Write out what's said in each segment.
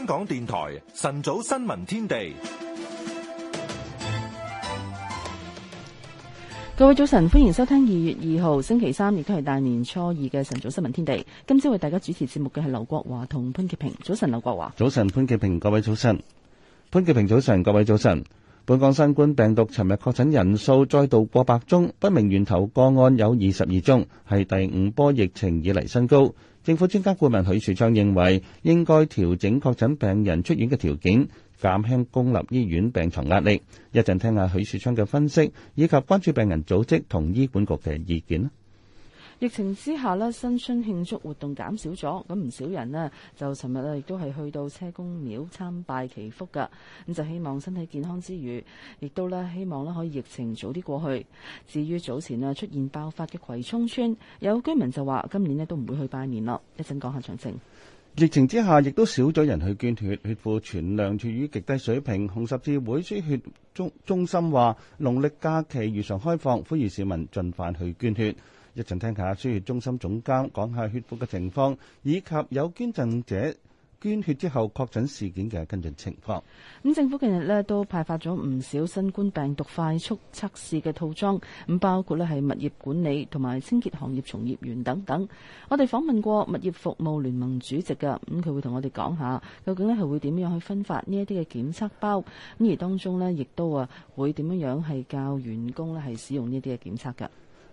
香港電台晨早新聞天地，各位早晨，歡迎收聽二月二號星期三，亦都係大年初二嘅晨早新聞天地。今朝為大家主持節目嘅係劉國華同潘潔平。早晨，劉國華。早晨，潘潔平。各位早晨，潘潔平早晨，各位早晨。本港新冠病毒尋日確診人數再度過百宗，不明源頭個案有二十二宗，係第五波疫情以嚟新高。政府專家顧問許樹昌認為，應該調整確診病人出院嘅條件，減輕公立醫院病床壓力。一陣聽下許樹昌嘅分析，以及關注病人組織同醫管局嘅意見。疫情之下呢，新春慶祝活動減少咗，咁唔少人呢就尋日呢亦都係去到車公廟參拜祈福㗎。咁就希望身體健康之餘，亦都呢希望呢可以疫情早啲過去。至於早前呢出現爆發嘅葵涌村，有居民就話今年呢都唔會去拜年咯。講一陣講下詳情。疫情之下，亦都少咗人去捐血，血庫存量處於極低水平。紅十字會輸血中中心話，農曆假期如常開放，呼籲市民儘快去捐血。一陣聽下輸血中心總監講下血庫嘅情況，以及有捐贈者捐血之後確診事件嘅跟進情況。咁、嗯、政府近日咧都派發咗唔少新冠病毒快速測試嘅套裝，咁包括咧係物業管理同埋清潔行業從業員等等。我哋訪問過物業服務聯盟主席噶，咁、嗯、佢會同我哋講下究竟咧係會點樣去分發呢一啲嘅檢測包，咁而當中呢亦都啊會點樣樣係教員工咧係使用呢啲嘅檢測噶。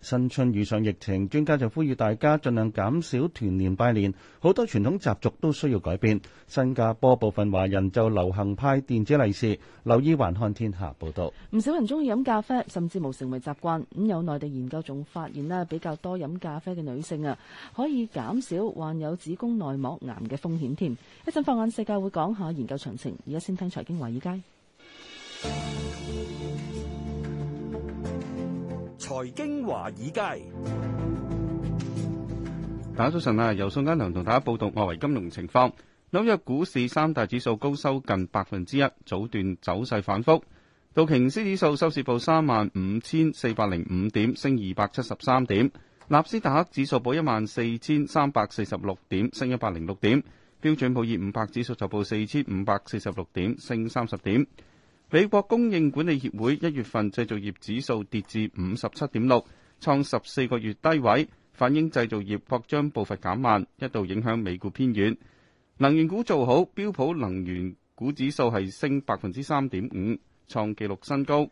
新春遇上疫情，專家就呼籲大家盡量減少團年拜年，好多傳統習俗都需要改變。新加坡部分華人就流行派電子利是。留意環看天下報道。唔少人中意飲咖啡，甚至無成為習慣。咁有內地研究仲發現咧，比較多飲咖啡嘅女性啊，可以減少患有子宮內膜癌嘅風險添。一陣放眼世界會講下研究詳情，而家先聽財經華爾街。財經華爾街，大家早晨啊！由宋嘉良同大家報道外圍金融情況。紐約股市三大指數高收近百分之一，早段走勢反復。道瓊斯指數收市報三萬五千四百零五點，升二百七十三點，納斯達克指數報一萬四千三百四十六點，升一百零六點，標準普爾五百指數就報四千五百四十六點，升三十點。美國供應管理協會一月份製造業指數跌至五十七點六，創十四個月低位，反映製造業擴張步伐減慢，一度影響美股偏軟。能源股做好，標普能源股指數係升百分之三點五，創紀錄新高。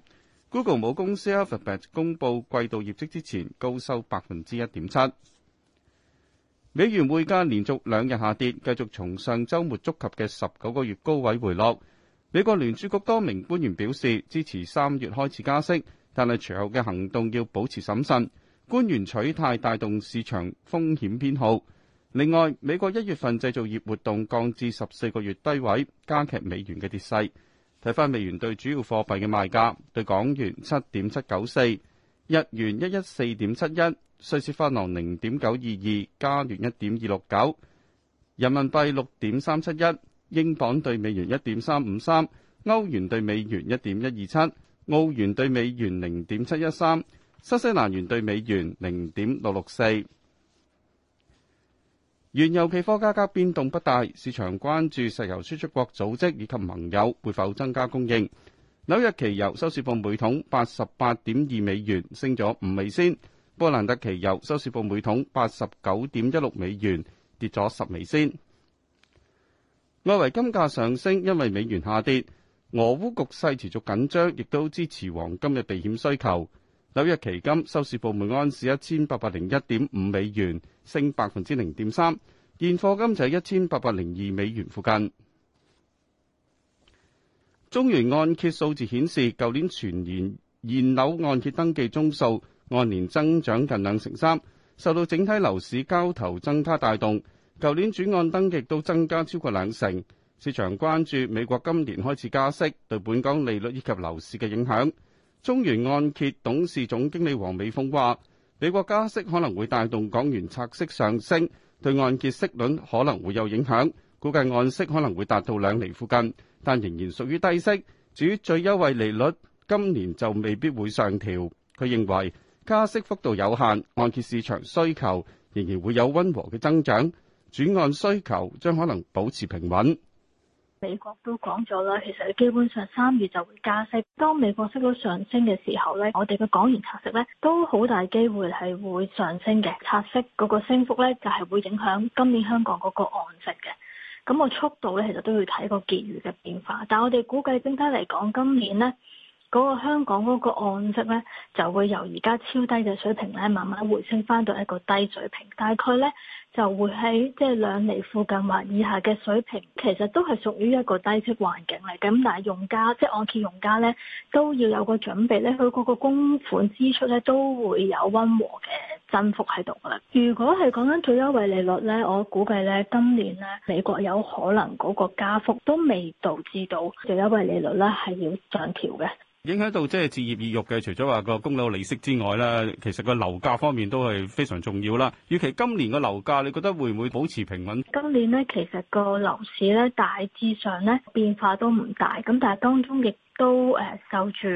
Google 母公司 Alphabet 公佈季度業績之前，高收百分之一點七。美元匯價連續兩日下跌，繼續從上周末觸及嘅十九個月高位回落。美國聯儲局多名官員表示支持三月開始加息，但係隨後嘅行動要保持審慎。官員取態帶動市場風險偏好。另外，美國一月份製造業活動降至十四個月低位，加劇美元嘅跌勢。睇返美元對主要貨幣嘅賣價：對港元七點七九四，日元一一四點七一，瑞士法郎零點九二二，加元一點二六九，人民幣六點三七一。英鎊兌美元一點三五三，歐元兌美元一點一二七，澳元兌美元零點七一三，新西蘭元兌美元零點六六四。原油期貨價格變動不大，市場關注石油輸出國組織以及盟友會否增加供應。紐約期油收市報每桶八十八點二美元，升咗五美仙。波蘭特期油收市報每桶八十九點一六美元，跌咗十美仙。外圍金價上升，因為美元下跌。俄烏局勢持續緊張，亦都支持黃金嘅避險需求。紐約期金收市報每安士一千八百零一點五美元，升百分之零點三。現貨金就喺一千八百零二美元附近。中原按揭數字顯示，舊年全年現樓按揭登記宗數按年增長近兩成三，受到整體樓市交投增加帶動。舊年轉按登記都增加超過兩成，市場關注美國今年開始加息對本港利率以及樓市嘅影響。中原按揭董事總經理王美鳳話，美國加息可能會帶動港元拆息上升，對按揭息率可能會有影響，估計按息可能會達到兩厘附近，但仍然屬於低息。至於最優惠利率，今年就未必會上調。佢認為加息幅度有限，按揭市場需求仍然會有溫和嘅增長。轉按需求將可能保持平穩。美國都講咗啦，其實基本上三月就會加息。當美國息率上升嘅時候呢，我哋嘅港元拆息呢都好大機會係會上升嘅。拆息嗰個升幅呢，就係會影響今年香港嗰個按息嘅。咁個速度呢，其實都要睇個結餘嘅變化。但我哋估計，整體嚟講，今年呢嗰個香港嗰個按息呢就會由而家超低嘅水平呢，慢慢回升返到一個低水平。大概呢。就會喺即係兩厘附近或以下嘅水平，其實都係屬於一個低息環境嚟嘅。咁但係用家即係按揭用家咧，都要有個準備咧，佢嗰個供款支出咧都會有溫和嘅增幅喺度噶啦。如果係講緊最優惠利率咧，我估計咧今年咧美國有可能嗰個加幅都未導致到最優惠利率咧係要上調嘅。影響到即係置業意慾嘅，除咗話個供樓利息之外咧，其實個樓價方面都係非常重要啦。尤其今年嘅樓價。你覺得會唔會保持平穩？今年呢，其實個樓市呢，大致上呢，變化都唔大，咁但係當中亦都誒受住，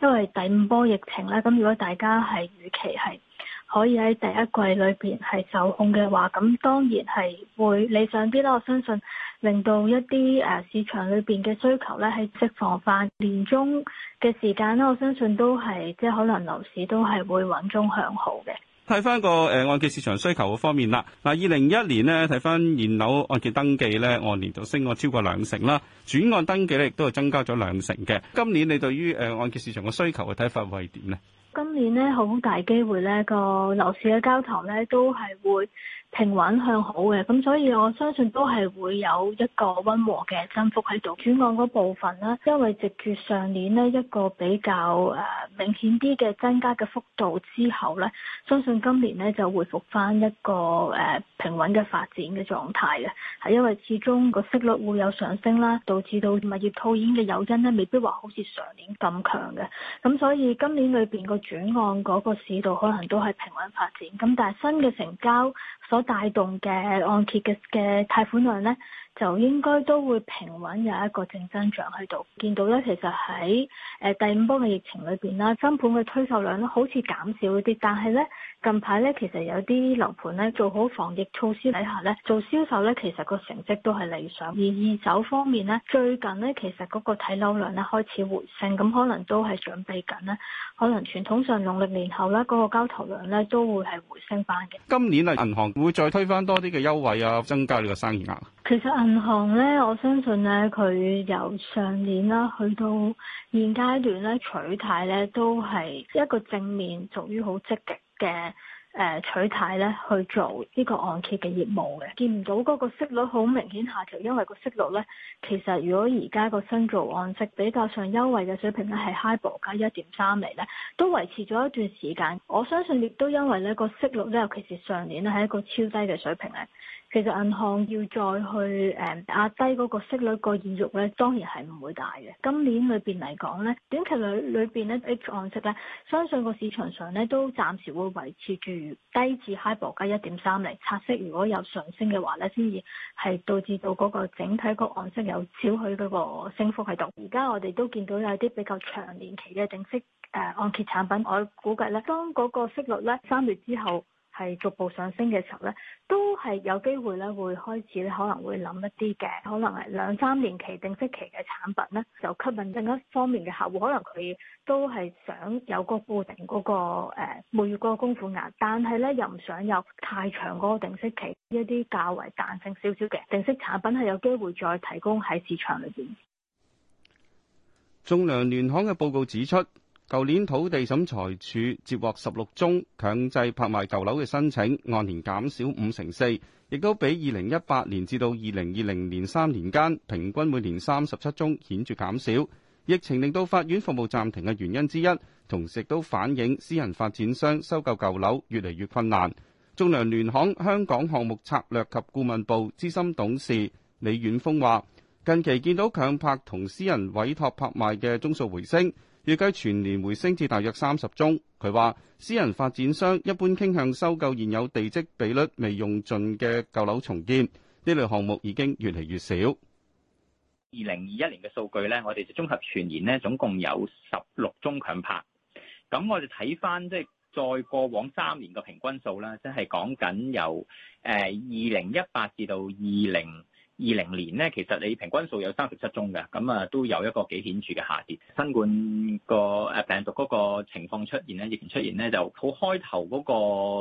因為第五波疫情咧，咁如果大家係預期係可以喺第一季裏邊係受控嘅話，咁當然係會理想啲啦。我相信令到一啲誒市場裏邊嘅需求呢，係即放返年中嘅時間咧，我相信都係即可能樓市都係會穩中向好嘅。睇翻個誒按揭市場需求嘅方面啦，嗱，二零一一年呢，睇翻現樓按揭登記呢，按年就升咗超過兩成啦，轉按登記呢亦都係增加咗兩成嘅。今年你對於誒按揭市場嘅需求嘅睇法會係點呢？今年呢，好大機會呢個樓市嘅交投呢都係會平穩向好嘅，咁所以我相信都係會有一個溫和嘅增幅喺度。轉按嗰部分咧，因為直缺上年呢一個比較誒明顯啲嘅增加嘅幅度之後呢，相信今年呢就回復翻一個誒平穩嘅發展嘅狀態嘅，係因為始終個息率會有上升啦，導致到物業套現嘅誘因咧未必話好似上年咁強嘅。咁所以今年裏邊個轉按嗰個市道可能都係平穩發展。咁但係新嘅成交，所帶動嘅按揭嘅嘅貸款量咧，就應該都會平穩有一個正增長喺度，見到咧，其實喺誒、呃、第五波嘅疫情裏邊啦，新盤嘅推售量咧好似減少一啲，但係咧近排咧其實有啲樓盤咧做好防疫措施底下咧做銷售咧，其實個成績都係理想。而二手方面咧，最近咧其實嗰個睇樓量咧開始回升，咁可能都係準備緊咧，可能傳統上農曆年後咧嗰、那個交投量咧都會係回升翻嘅。今年啊，銀行會再推翻多啲嘅優惠啊，增加呢個生意額。其實啊。銀行咧，我相信咧，佢由上年啦，去到現階段咧，取態咧都係一個正面，屬於好積極嘅誒取態咧去做呢個按揭嘅業務嘅。見唔到嗰個息率好明顯下調，因為個息率咧，其實如果而家個新造按息比較上優惠嘅水平咧，係 highball 加一點三厘咧，都維持咗一段時間。我相信亦都因為咧、嗰個息率咧，尤其是上年咧，係一個超低嘅水平咧。其實銀行要再去誒壓低嗰個息率、嗰個意欲咧，當然係唔會大嘅。今年裏邊嚟講咧，短期裏裏邊咧，H 按息咧，相信個市場上咧都暫時會維持住低至 High 加一點三零拆息。如果有上升嘅話咧，先至係導致到嗰個整體個按息有少許嗰個升幅喺度。而家我哋都見到有啲比較長年期嘅定息誒、呃、按揭產品，我估計咧，當嗰個息率咧三月之後，係逐步上升嘅時候咧，都係有機會咧，會開始咧，可能會諗一啲嘅，可能係兩三年期定息期嘅產品咧，就吸引另一方面嘅客戶，可能佢都係想有個固定嗰、那個誒、欸、每月嗰個供款額，但係咧又唔想有太長嗰個定息期，一啲較為彈性少少嘅定息產品係有機會再提供喺市場裏邊。仲量聯行嘅報告指出。舊年土地審裁處接獲十六宗強制拍賣舊樓嘅申請，按年減少五成四，亦都比二零一八年至到二零二零年三年間平均每年三十七宗顯著減少。疫情令到法院服務暫停嘅原因之一，同時亦都反映私人發展商收購舊樓越嚟越困難。仲量聯行香港項目策略及顧問部資深董事李遠峰話：近期見到強拍同私人委託拍賣嘅宗數回升。預計全年回升至大約三十宗。佢話：私人發展商一般傾向收購現有地積比率未用盡嘅舊樓重建，呢類項目已經越嚟越少。二零二一年嘅數據咧，我哋綜合全年咧總共有十六宗強拍。咁我哋睇返即係再過往三年嘅平均數啦，即係講緊由誒二零一八至到二零。二零年咧，其實你平均數有三十七宗嘅，咁啊都有一個幾顯著嘅下跌。新冠個誒、啊、病毒嗰個情況出現咧，疫情出現咧就好開頭嗰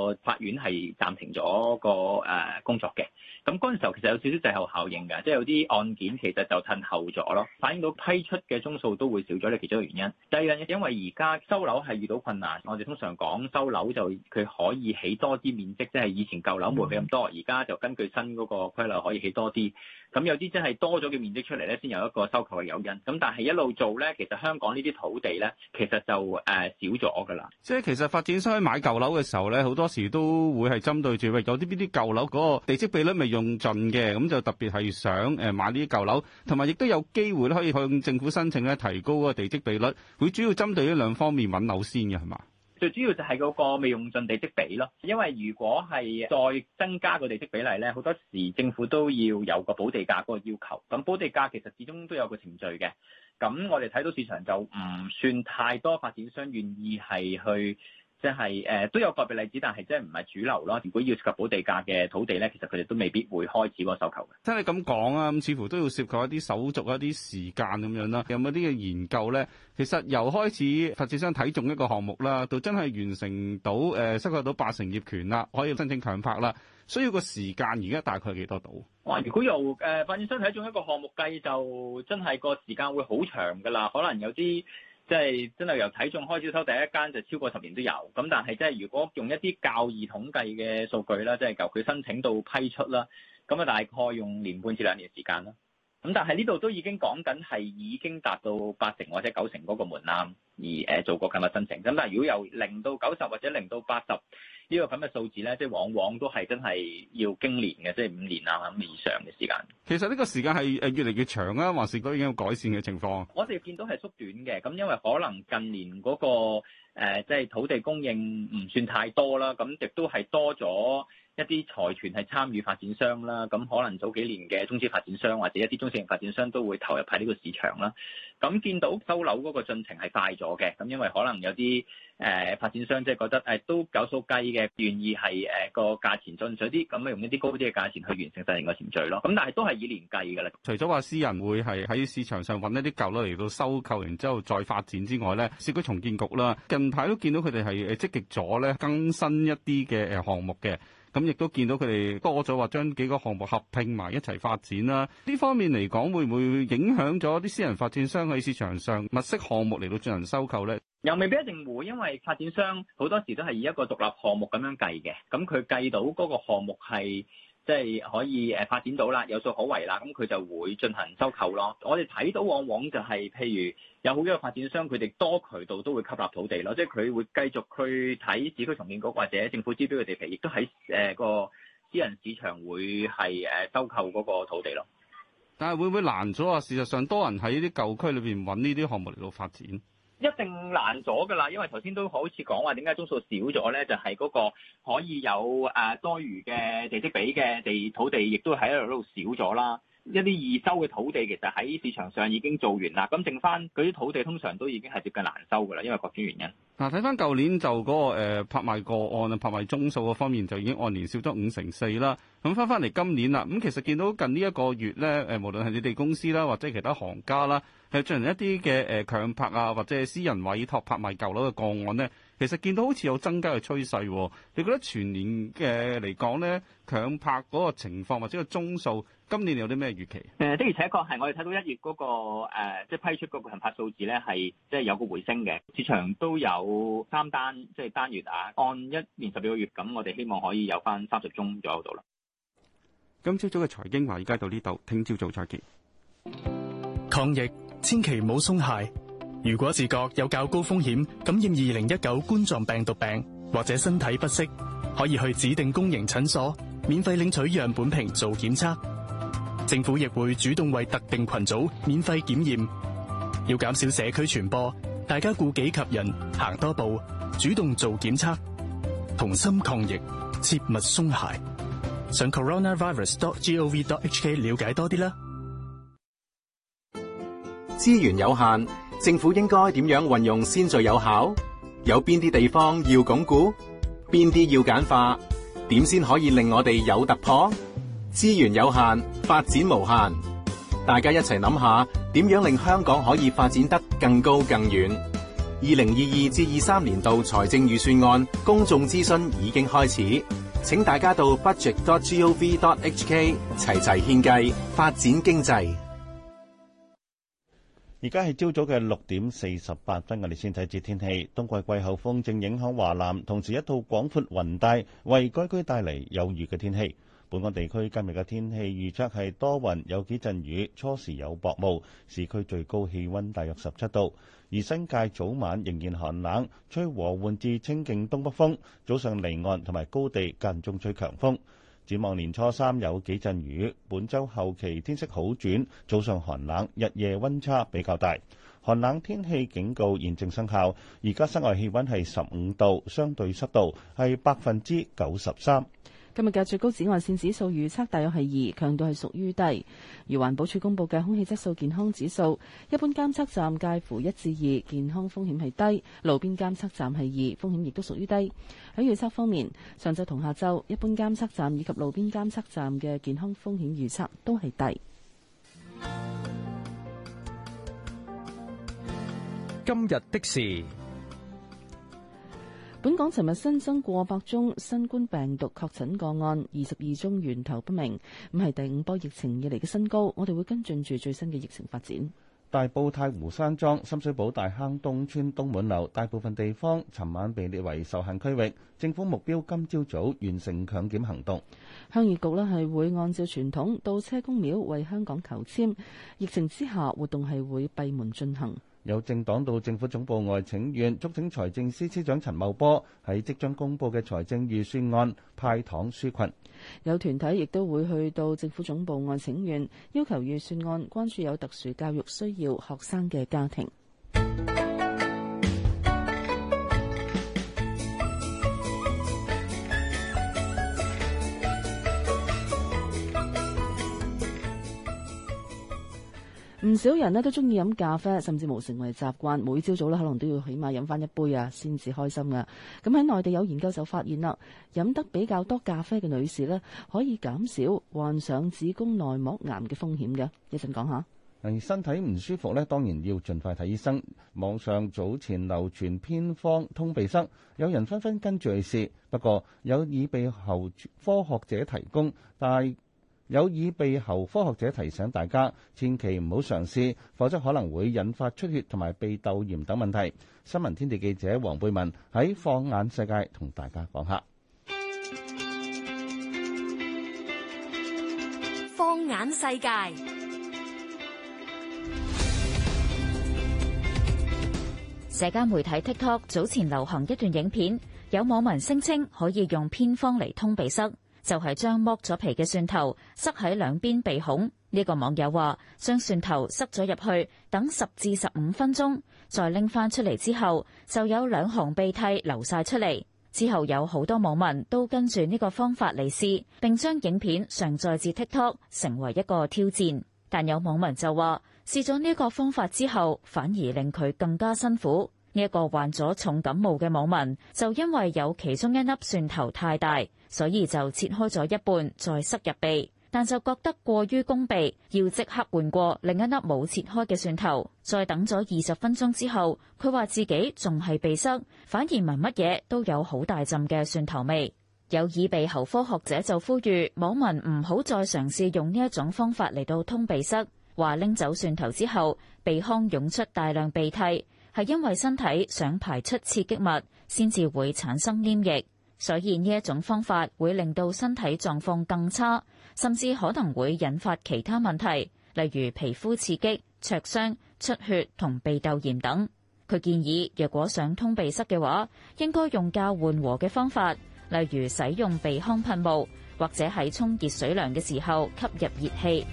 個法院係暫停咗、那個誒、呃、工作嘅。咁嗰陣時候其實有少少滯後效應㗎，即係有啲案件其實就褪後咗咯，反映到批出嘅宗數都會少咗，你其中一個原因。第二樣嘢，因為而家收樓係遇到困難，我哋通常講收樓就佢可以起多啲面積，即係以前舊樓冇咁多，而家就根據新嗰個規例可以起多啲。咁有啲真係多咗嘅面積出嚟呢，先有一個收購嘅誘因。咁但係一路做呢，其實香港呢啲土地呢，其實就誒、呃、少咗㗎啦。即係其實發展商買舊樓嘅時候呢，好多時都會係針對住喂，有啲邊啲舊樓嗰個地積比率未用盡嘅，咁就特別係想誒買呢啲舊樓，同埋亦都有機會可以向政府申請咧提高嗰個地積比率。會主要針對呢兩方面揾樓先嘅係嘛？最主要就係嗰個未用盡地積比咯，因為如果係再增加個地積比例咧，好多時政府都要有個保地價嗰個要求。咁保地價其實始終都有個程序嘅，咁我哋睇到市場就唔算太多發展商願意係去。即係誒都有個別例子，但係真係唔係主流咯。如果要涉及保地價嘅土地咧，其實佢哋都未必會開始嗰個收購嘅。即係你咁講啊，咁似乎都要涉及一啲手續、一啲時間咁樣啦，有冇啲嘅研究咧？其實由開始發展商睇中一個項目啦，到真係完成到誒涉及到八成業權啦，可以申請強拍啦，需要個時間而家大概幾多度？哇！如果由誒發展商睇中一個項目計，就真係個時間會好長㗎啦，可能有啲。即係真係由體重開始收第一間，就超過十年都有，咁但係即係如果用一啲較易統計嘅數據啦，即係由佢申請到批出啦，咁啊大概用年半至兩年時間啦。咁但係呢度都已經講緊係已經達到八成或者九成嗰個門檻而誒做個咁嘅申請。咁但係如果由零到九十或者零到八十。呢個咁嘅數字咧，即係往往都係真係要經年嘅，即係五年啊咁以上嘅時間。其實呢個時間係誒越嚟越長啊，還是都已經有改善嘅情況？我哋見到係縮短嘅，咁因為可能近年嗰個誒即係土地供應唔算太多啦，咁亦都係多咗。一啲財團係參與發展商啦，咁可能早幾年嘅中資發展商或者一啲中小型發展商都會投入喺呢個市場啦。咁見到收樓嗰個進程係快咗嘅，咁因為可能有啲誒、呃、發展商即係覺得誒、呃、都搞數計嘅，願意係誒個價錢進取啲，咁啊用一啲高啲嘅價錢去完成大型嘅程序咯。咁但係都係以年計㗎啦。除咗話私人會係喺市場上揾一啲舊樓嚟到收購，然之後再發展之外咧，市區重建局啦，近排都見到佢哋係積極咗咧更新一啲嘅誒項目嘅。咁亦都見到佢哋多咗話將幾個項目合併埋一齊發展啦，啊，呢方面嚟講，會唔會影響咗啲私人發展商喺市場上物色項目嚟到進行收購呢？又未必一定會，因為發展商好多時都係以一個獨立項目咁樣計嘅，咁佢計到嗰個項目係。即係可以誒發展到啦，有所可為啦，咁佢就會進行收購咯。我哋睇到往往就係、是，譬如有好多嘅發展商，佢哋多渠道都會吸納土地咯，即係佢會繼續去睇市區重建局或者政府招標嘅地皮，亦都喺誒個私人市場會係誒收購嗰個土地咯。但係會唔會難咗啊？事實上，多人喺啲舊區裏邊揾呢啲項目嚟到發展。一定難咗㗎啦，因為頭先都好似講話點解宗數少咗呢？就係嗰個可以有誒多餘嘅地積比嘅地土地，亦都喺度少咗啦。一啲易收嘅土地其實喺市場上已經做完啦，咁剩翻嗰啲土地通常都已經係接近難收㗎啦，因為各種原因。嗱，睇翻舊年就嗰個拍賣個案啊，拍賣宗數嘅方面就已經按年少咗五成四啦。咁翻翻嚟今年啦，咁其實見到近呢一個月呢，誒無論係你哋公司啦，或者其他行家啦。誒進行一啲嘅誒強拍啊，或者係私人委託拍賣舊樓嘅個案咧，其實見到好似有增加嘅趨勢，啊。你覺得全年嘅嚟講咧，強拍嗰個情況或者個宗數，今年有啲咩預期？誒、嗯、的而且確係我哋睇到一月嗰、那個即係、呃、批出個強拍數字咧，係即係有個回升嘅。市場都有三單，即、就、係、是、單月啊。按一年十二個月咁，我哋希望可以有返三十宗左右度啦。今朝早嘅財經華爾街到呢度，聽朝早再見。抗疫。千祈唔好鬆懈。如果自覺有較高風險感染二零一九冠狀病毒病，或者身體不適，可以去指定公營診所免費領取樣本瓶做檢測。政府亦會主動為特定群組免費檢驗。要減少社區傳播，大家顧己及人，行多步，主動做檢測，同心抗疫，切勿鬆懈。上 coronavirus.gov.hk 了解多啲啦。資源有限，政府應該點樣運用先最有效？有邊啲地方要鞏固？邊啲要簡化？點先可以令我哋有突破？資源有限，發展無限。大家一齊諗下，點樣令香港可以發展得更高更遠？二零二二至二三年度財政預算案公眾諮詢已經開始，請大家到 budget.gov.hk 齊齊獻計，發展經濟。而家係朝早嘅六點四十八分，我哋先睇一節天氣。冬季季候風正影響華南，同時一套廣闊雲帶為該區帶嚟有雨嘅天氣。本港地區今日嘅天氣預測係多雲，有幾陣雨，初時有薄霧。市區最高氣溫大約十七度，而新界早晚仍然寒冷，吹和緩至清勁東北風，早上離岸同埋高地間中吹強風。展望年初三有幾陣雨，本周後期天色好轉，早上寒冷，日夜溫差比較大。寒冷天氣警告現正生效，而家室外氣溫係十五度，相對濕度係百分之九十三。今日嘅最高紫外線指數預測大約係二，強度係屬於低。而環保署公布嘅空氣質素健康指數，一般監測站介乎一至二，健康風險係低；路邊監測站係二，風險亦都屬於低。喺預測方面，上晝同下晝，一般監測站以及路邊監測站嘅健康風險預測都係低。今日的事。本港尋日新增過百宗新冠病毒確診個案，二十二宗源頭不明，咁係第五波疫情以來嘅新高。我哋會跟進住最新嘅疫情發展。大埔太湖山莊、深水埗大坑東村、東門樓，大部分地方尋晚被列為受限區域。政府目標今朝早完成強檢行動。鄉議局咧係會按照傳統到車公廟為香港求籤。疫情之下，活動係會閉門進行。有政黨到政府總部外請願，促請財政司司長陳茂波喺即將公布嘅財政預算案派糖紓困。有團體亦都會去到政府總部外請願，要求預算案關注有特殊教育需要學生嘅家庭。唔少人咧都中意飲咖啡，甚至無成為習慣。每朝早咧，可能都要起碼飲翻一杯啊，先至開心噶，啊。咁喺內地有研究就發現啦，飲得比較多咖啡嘅女士呢，可以減少患上子宮內膜癌嘅風險嘅。講一陣講下。身體唔舒服呢，當然要盡快睇醫生。網上早前流傳偏方通鼻塞，有人紛紛跟住去試，不過有耳鼻喉科學者提供，但有耳鼻喉科學者提醒大家，千祈唔好嘗試，否則可能會引發出血同埋鼻竇炎等問題。新聞天地記者黃貝文喺放眼世界同大家講下。放眼世界，世界社交媒體 TikTok 早前流行一段影片，有網民聲稱可以用偏方嚟通鼻塞。就係將剝咗皮嘅蒜頭塞喺兩邊鼻孔，呢個網友話將蒜頭塞咗入去，等十至十五分鐘，再拎翻出嚟之後，就有兩行鼻涕流晒出嚟。之後有好多網民都跟住呢個方法嚟試，並將影片上載至 TikTok 成為一個挑戰。但有網民就話試咗呢個方法之後，反而令佢更加辛苦。呢一個患咗重感冒嘅網民就因為有其中一粒蒜頭太大，所以就切開咗一半再塞入鼻，但就覺得過於攻鼻，要即刻換過另一粒冇切開嘅蒜頭。再等咗二十分鐘之後，佢話自己仲係鼻塞，反而聞乜嘢都有好大陣嘅蒜頭味。有耳鼻喉科學者就呼籲網民唔好再嘗試用呢一種方法嚟到通鼻塞，話拎走蒜頭之後，鼻腔湧出大量鼻涕。係因為身體想排出刺激物，先至會產生黏液，所以呢一種方法會令到身體狀況更差，甚至可能會引發其他問題，例如皮膚刺激、灼傷、出血同鼻竇炎等。佢建議，若果想通鼻塞嘅話，應該用較緩和嘅方法，例如使用鼻腔噴霧，或者喺沖熱水涼嘅時候吸入熱氣。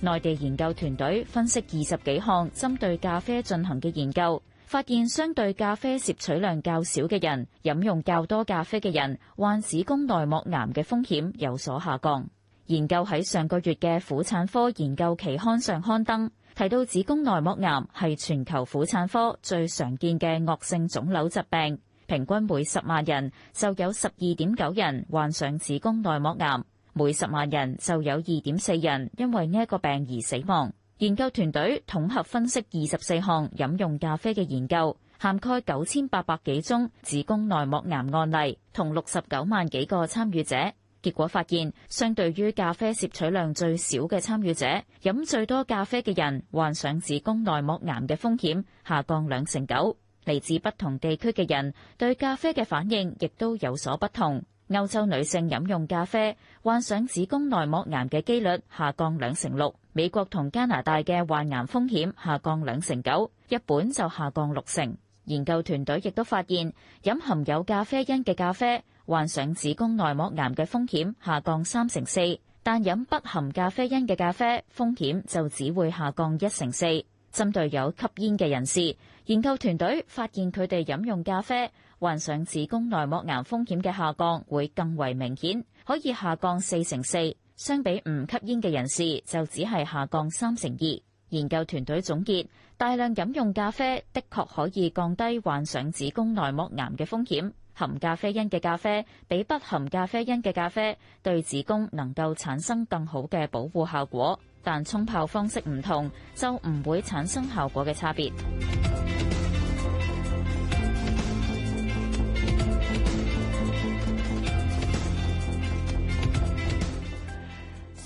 內地研究團隊分析二十幾項針對咖啡進行嘅研究，發現相對咖啡攝取量較少嘅人，飲用較多咖啡嘅人，患子宮內膜癌嘅風險有所下降。研究喺上個月嘅《婦產科研究期刊》上刊登，提到子宮內膜癌係全球婦產科最常見嘅惡性腫瘤疾病，平均每十萬人就有十二點九人患上子宮內膜癌。每十萬人就有二點四人因為呢個病而死亡。研究團隊統合分析二十四項飲用咖啡嘅研究，涵蓋九千八百幾宗子宮內膜癌案例同六十九萬幾個參與者。結果發現，相對於咖啡攝取量最少嘅參與者，飲最多咖啡嘅人患上子宮內膜癌嘅風險下降兩成九。嚟自不同地區嘅人對咖啡嘅反應亦都有所不同。歐洲女性飲用咖啡，患上子宮內膜癌嘅幾率下降兩成六；美國同加拿大嘅患癌風險下降兩成九；日本就下降六成。研究團隊亦都發現，飲含有咖啡因嘅咖啡，患上子宮內膜癌嘅風險下降三成四，但飲不含咖啡因嘅咖啡，風險就只會下降一成四。針對有吸煙嘅人士，研究團隊發現佢哋飲用咖啡，患上子宮內膜癌風險嘅下降會更為明顯，可以下降四成四，相比唔吸煙嘅人士就只係下降三成二。研究團隊總結，大量飲用咖啡的確可以降低患上子宮內膜癌嘅風險，含咖啡因嘅咖啡比不含咖啡因嘅咖啡對子宮能夠產生更好嘅保護效果，但沖泡方式唔同就唔會產生效果嘅差別。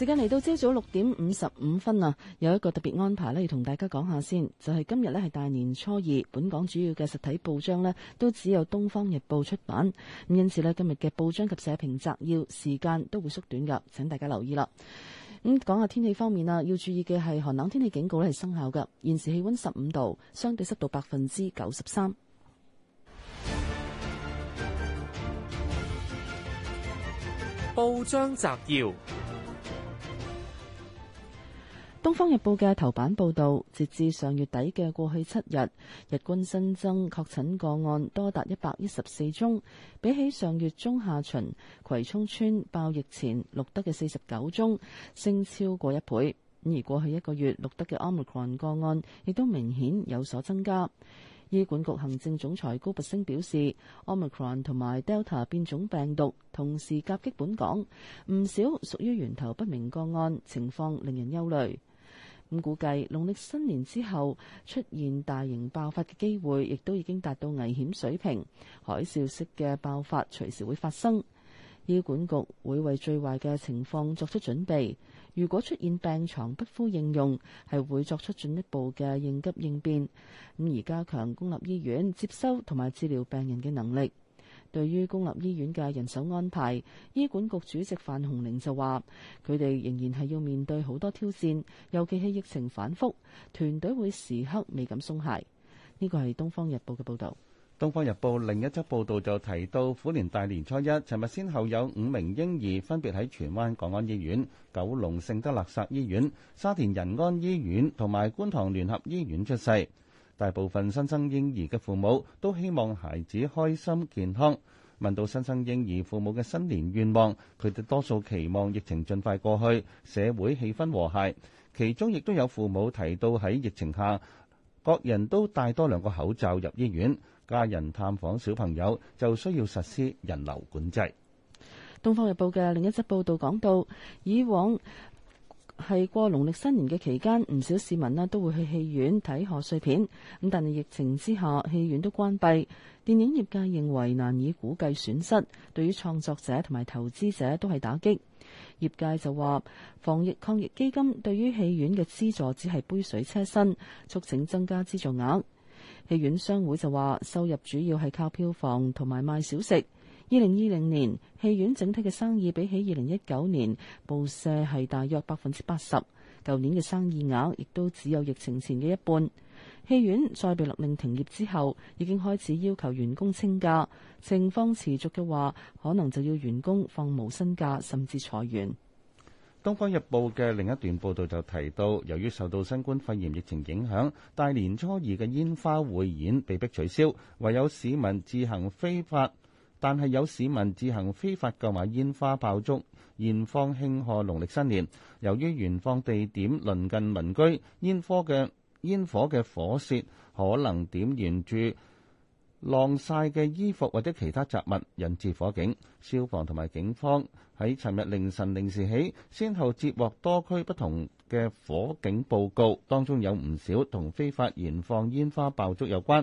時間嚟到朝早六點五十五分啦，有一個特別安排咧，要同大家講下先，就係、是、今日咧係大年初二，本港主要嘅實體報章咧都只有《東方日報》出版，咁因此咧今日嘅報章及社評摘要時間都會縮短噶，請大家留意啦。咁、嗯、講下天氣方面啊，要注意嘅係寒冷天氣警告咧係生效噶，現時氣溫十五度，相對濕度百分之九十三。報章摘要。《東方日報》嘅頭版報導，截至上月底嘅過去七日，日均新增確診個案多達一百一十四宗，比起上月中下旬葵涌村爆疫前錄得嘅四十九宗，升超過一倍。而過去一個月錄得嘅 Omicron 個案，亦都明顯有所增加。醫管局行政總裁高拔升表示，Omicron 同埋 Delta 變種病毒同時夾擊本港，唔少屬於源頭不明個案，情況令人憂慮。咁估計農曆新年之後出現大型爆發嘅機會亦都已經達到危險水平，海嘯式嘅爆發隨時會發生。醫管局會為最壞嘅情況作出準備，如果出現病床不敷應用，係會作出進一步嘅應急應變，咁而加強公立醫院接收同埋治療病人嘅能力。對於公立醫院嘅人手安排，醫管局主席范鴻齡就話：佢哋仍然係要面對好多挑戰，尤其係疫情反覆，團隊會時刻未敢鬆懈。呢個係《東方日報》嘅報導。《東方日報》另一則報導就提到，虎年大年初一，尋日先後有五名嬰兒分別喺荃灣港安醫院、九龍聖德勒薩醫院、沙田仁安醫院同埋觀塘聯合醫院出世。大部分新生嬰兒嘅父母都希望孩子開心健康。問到新生嬰兒父母嘅新年願望，佢哋多數期望疫情盡快過去，社會氣氛和諧。其中亦都有父母提到喺疫情下，各人都戴多兩個口罩入醫院，家人探訪小朋友就需要實施人流管制。《東方日報》嘅另一則報道講到，以往，係過農曆新年嘅期間，唔少市民呢都會去戲院睇賀歲片。咁但係疫情之下，戲院都關閉。電影業界認為難以估計損失，對於創作者同埋投資者都係打擊。業界就話，防疫抗疫基金對於戲院嘅資助只係杯水車薪，促請增加資助額。戲院商會就話，收入主要係靠票房同埋賣小食。二零二零年戲院整體嘅生意比起二零一九年暴瀉係大約百分之八十。舊年嘅生意額亦都只有疫情前嘅一半。戲院再被勒令停業之後，已經開始要求員工清假。情況持續嘅話，可能就要員工放無薪假，甚至裁員。《東方日報》嘅另一段報導就提到，由於受到新冠肺炎疫情影響，大年初二嘅煙花匯演被迫取消，唯有市民自行非法。但係有市民自行非法購買煙花爆竹燃放慶賀農曆新年，由於燃放地點鄰近民居，煙火嘅煙火嘅火舌可能點燃住晾晒嘅衣服或者其他雜物，引致火警。消防同埋警方喺尋日凌晨零時起，先後接獲多區不同嘅火警報告，當中有唔少同非法燃放煙花爆竹有關。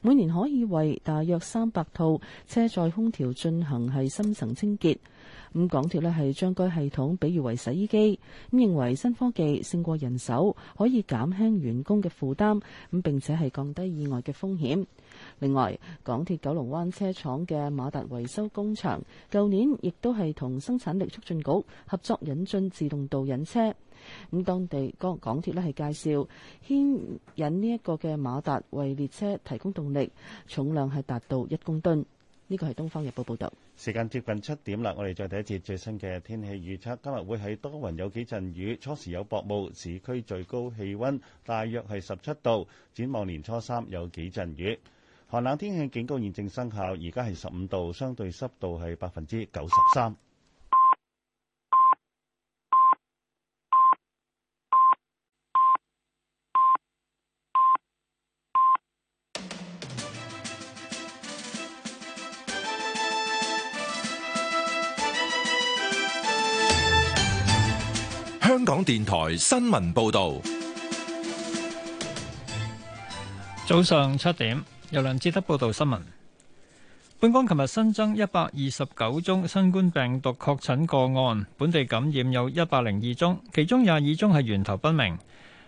每年可以為大約三百套車載空調進行係深層清潔，咁港鐵咧係將該系統比喻為洗衣機，咁認為新科技勝過人手，可以減輕員工嘅負擔，咁並且係降低意外嘅風險。另外，港鐵九龍灣車廠嘅馬達維修工場，舊年亦都係同生產力促進局合作引進自動導引車。咁當地港港鐵咧係介紹牽引呢一個嘅馬達為列車提供動力，重量係達到一公噸。呢個係《東方日報》報導。時間接近七點啦，我哋再睇一節最新嘅天氣預測。今日會喺多雲有幾陣雨，初時有薄霧，市區最高氣温大約係十七度。展望年初三有幾陣雨，寒冷天氣警告現正生效，而家係十五度，相對濕度係百分之九十三。香港電台新聞報道，早上七點，由梁志德報道新聞。本港琴日新增一百二十九宗新冠病毒確診個案，本地感染有一百零二宗，其中廿二宗係源頭不明，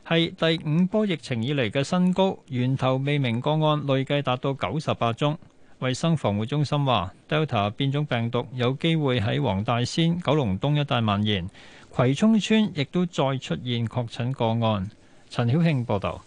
係第五波疫情以嚟嘅新高。源頭未明個案累計達到九十八宗。衛生防護中心話，Delta 變種病毒有機會喺黃大仙、九龍東一帶蔓延，葵涌村亦都再出現確診個案。陳曉慶報道，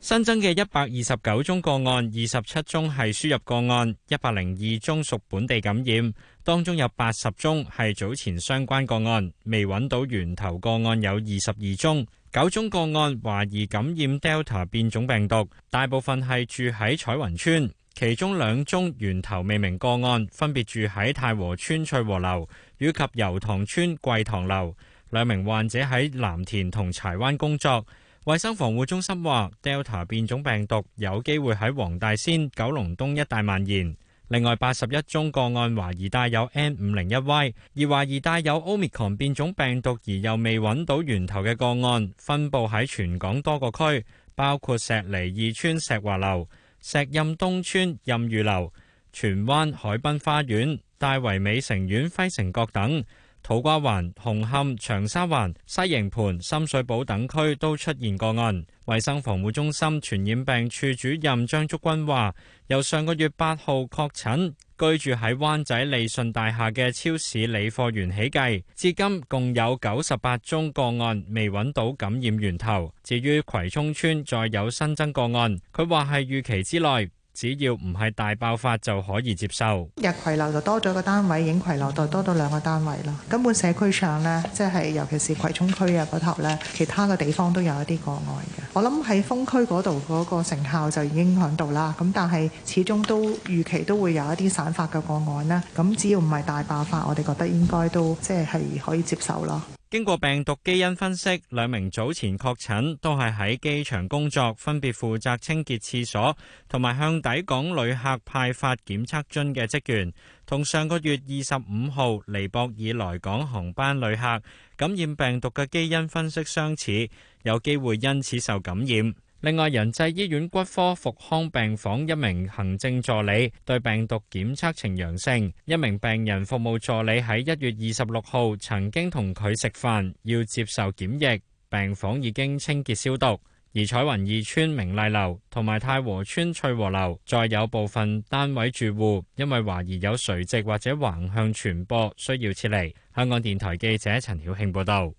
新增嘅一百二十九宗個案，二十七宗係輸入個案，一百零二宗屬本地感染，當中有八十宗係早前相關個案，未揾到源頭個案有二十二宗，九宗個案懷疑感染 Delta 變種病毒，大部分係住喺彩雲村。其中兩宗源頭未明個案，分別住喺太和村翠和樓以及油塘村桂塘樓。兩名患者喺藍田同柴灣工作。衛生防護中心話，Delta 變種病毒有機會喺黃大仙、九龍東一帶蔓延。另外，八十一宗個案懷疑帶有 N501Y，而懷疑帶有 Omicron 變種病毒而又未揾到源頭嘅個案，分布喺全港多個區，包括石梨二村石華樓。石蔭東村任、任譽樓、荃灣海濱花園、大圍美城苑、輝城閣等，土瓜灣、紅磡、長沙灣、西營盤、深水埗等區都出現個案。衛生防護中心傳染病處主任張竹君話，由上個月八號確診。居住喺灣仔利信大廈嘅超市理貨員起計，至今共有九十八宗個案未揾到感染源頭。至於葵涌村再有新增個案，佢話係預期之內。只要唔係大爆發就可以接受。日葵樓就多咗個單位，影葵樓就多咗兩個單位咯。根本社區上呢，即係尤其是葵涌區啊嗰頭咧，其他嘅地方都有一啲個案嘅。我諗喺封區嗰度嗰個成效就已經響度啦。咁但係始終都預期都會有一啲散發嘅個案啦。咁只要唔係大爆發，我哋覺得應該都即係係可以接受咯。經過病毒基因分析，兩名早前確診都係喺機場工作，分別負責清潔廁所同埋向抵港旅客派發檢測樽嘅職員，同上個月二十五號尼泊爾來港航班旅客感染病毒嘅基因分析相似，有機會因此受感染。另外，仁濟醫院骨科復康病房一名行政助理對病毒檢測呈陽性，一名病人服務助理喺一月二十六號曾經同佢食飯，要接受檢疫，病房已經清潔消毒。而彩雲二村明麗樓同埋太和村翠和樓再有部分單位住戶因為懷疑有垂直或者橫向傳播，需要撤離。香港電台記者陳曉慶報道。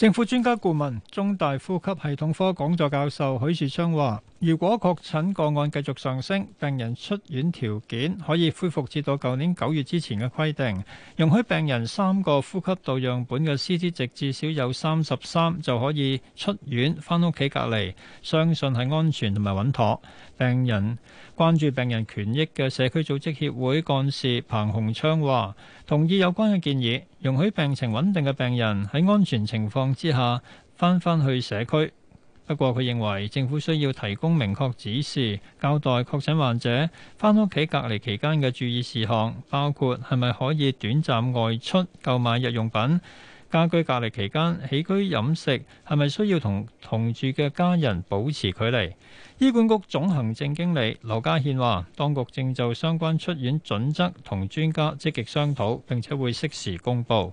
政府專家顧問、中大呼吸系統科講座教授許樹昌話，如果確診個案繼續上升，病人出院條件可以恢復至到舊年九月之前嘅規定，容許病人三個呼吸道樣本嘅 Ct 值至少有三十三就可以出院翻屋企隔離，相信係安全同埋穩妥。病人關注病人權益嘅社區組織協會幹事彭鴻昌話：同意有關嘅建議，容許病情穩定嘅病人喺安全情況之下翻返去社區。不過，佢認為政府需要提供明確指示，交代確診患者返屋企隔離期間嘅注意事項，包括係咪可以短暫外出購買日用品。家居隔離期間起居飲食係咪需要同同住嘅家人保持距離？醫管局總行政經理劉家獻話，當局正就相關出院準則同專家積極商討，並且會適時公佈。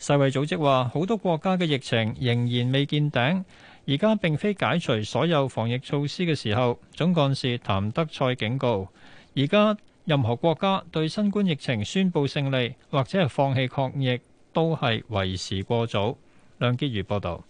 世衛組織話好多國家嘅疫情仍然未見頂，而家並非解除所有防疫措施嘅時候。總幹事譚德塞警告：而家任何國家對新冠疫情宣佈勝利或者係放棄抗疫都係為時過早。梁潔如報道。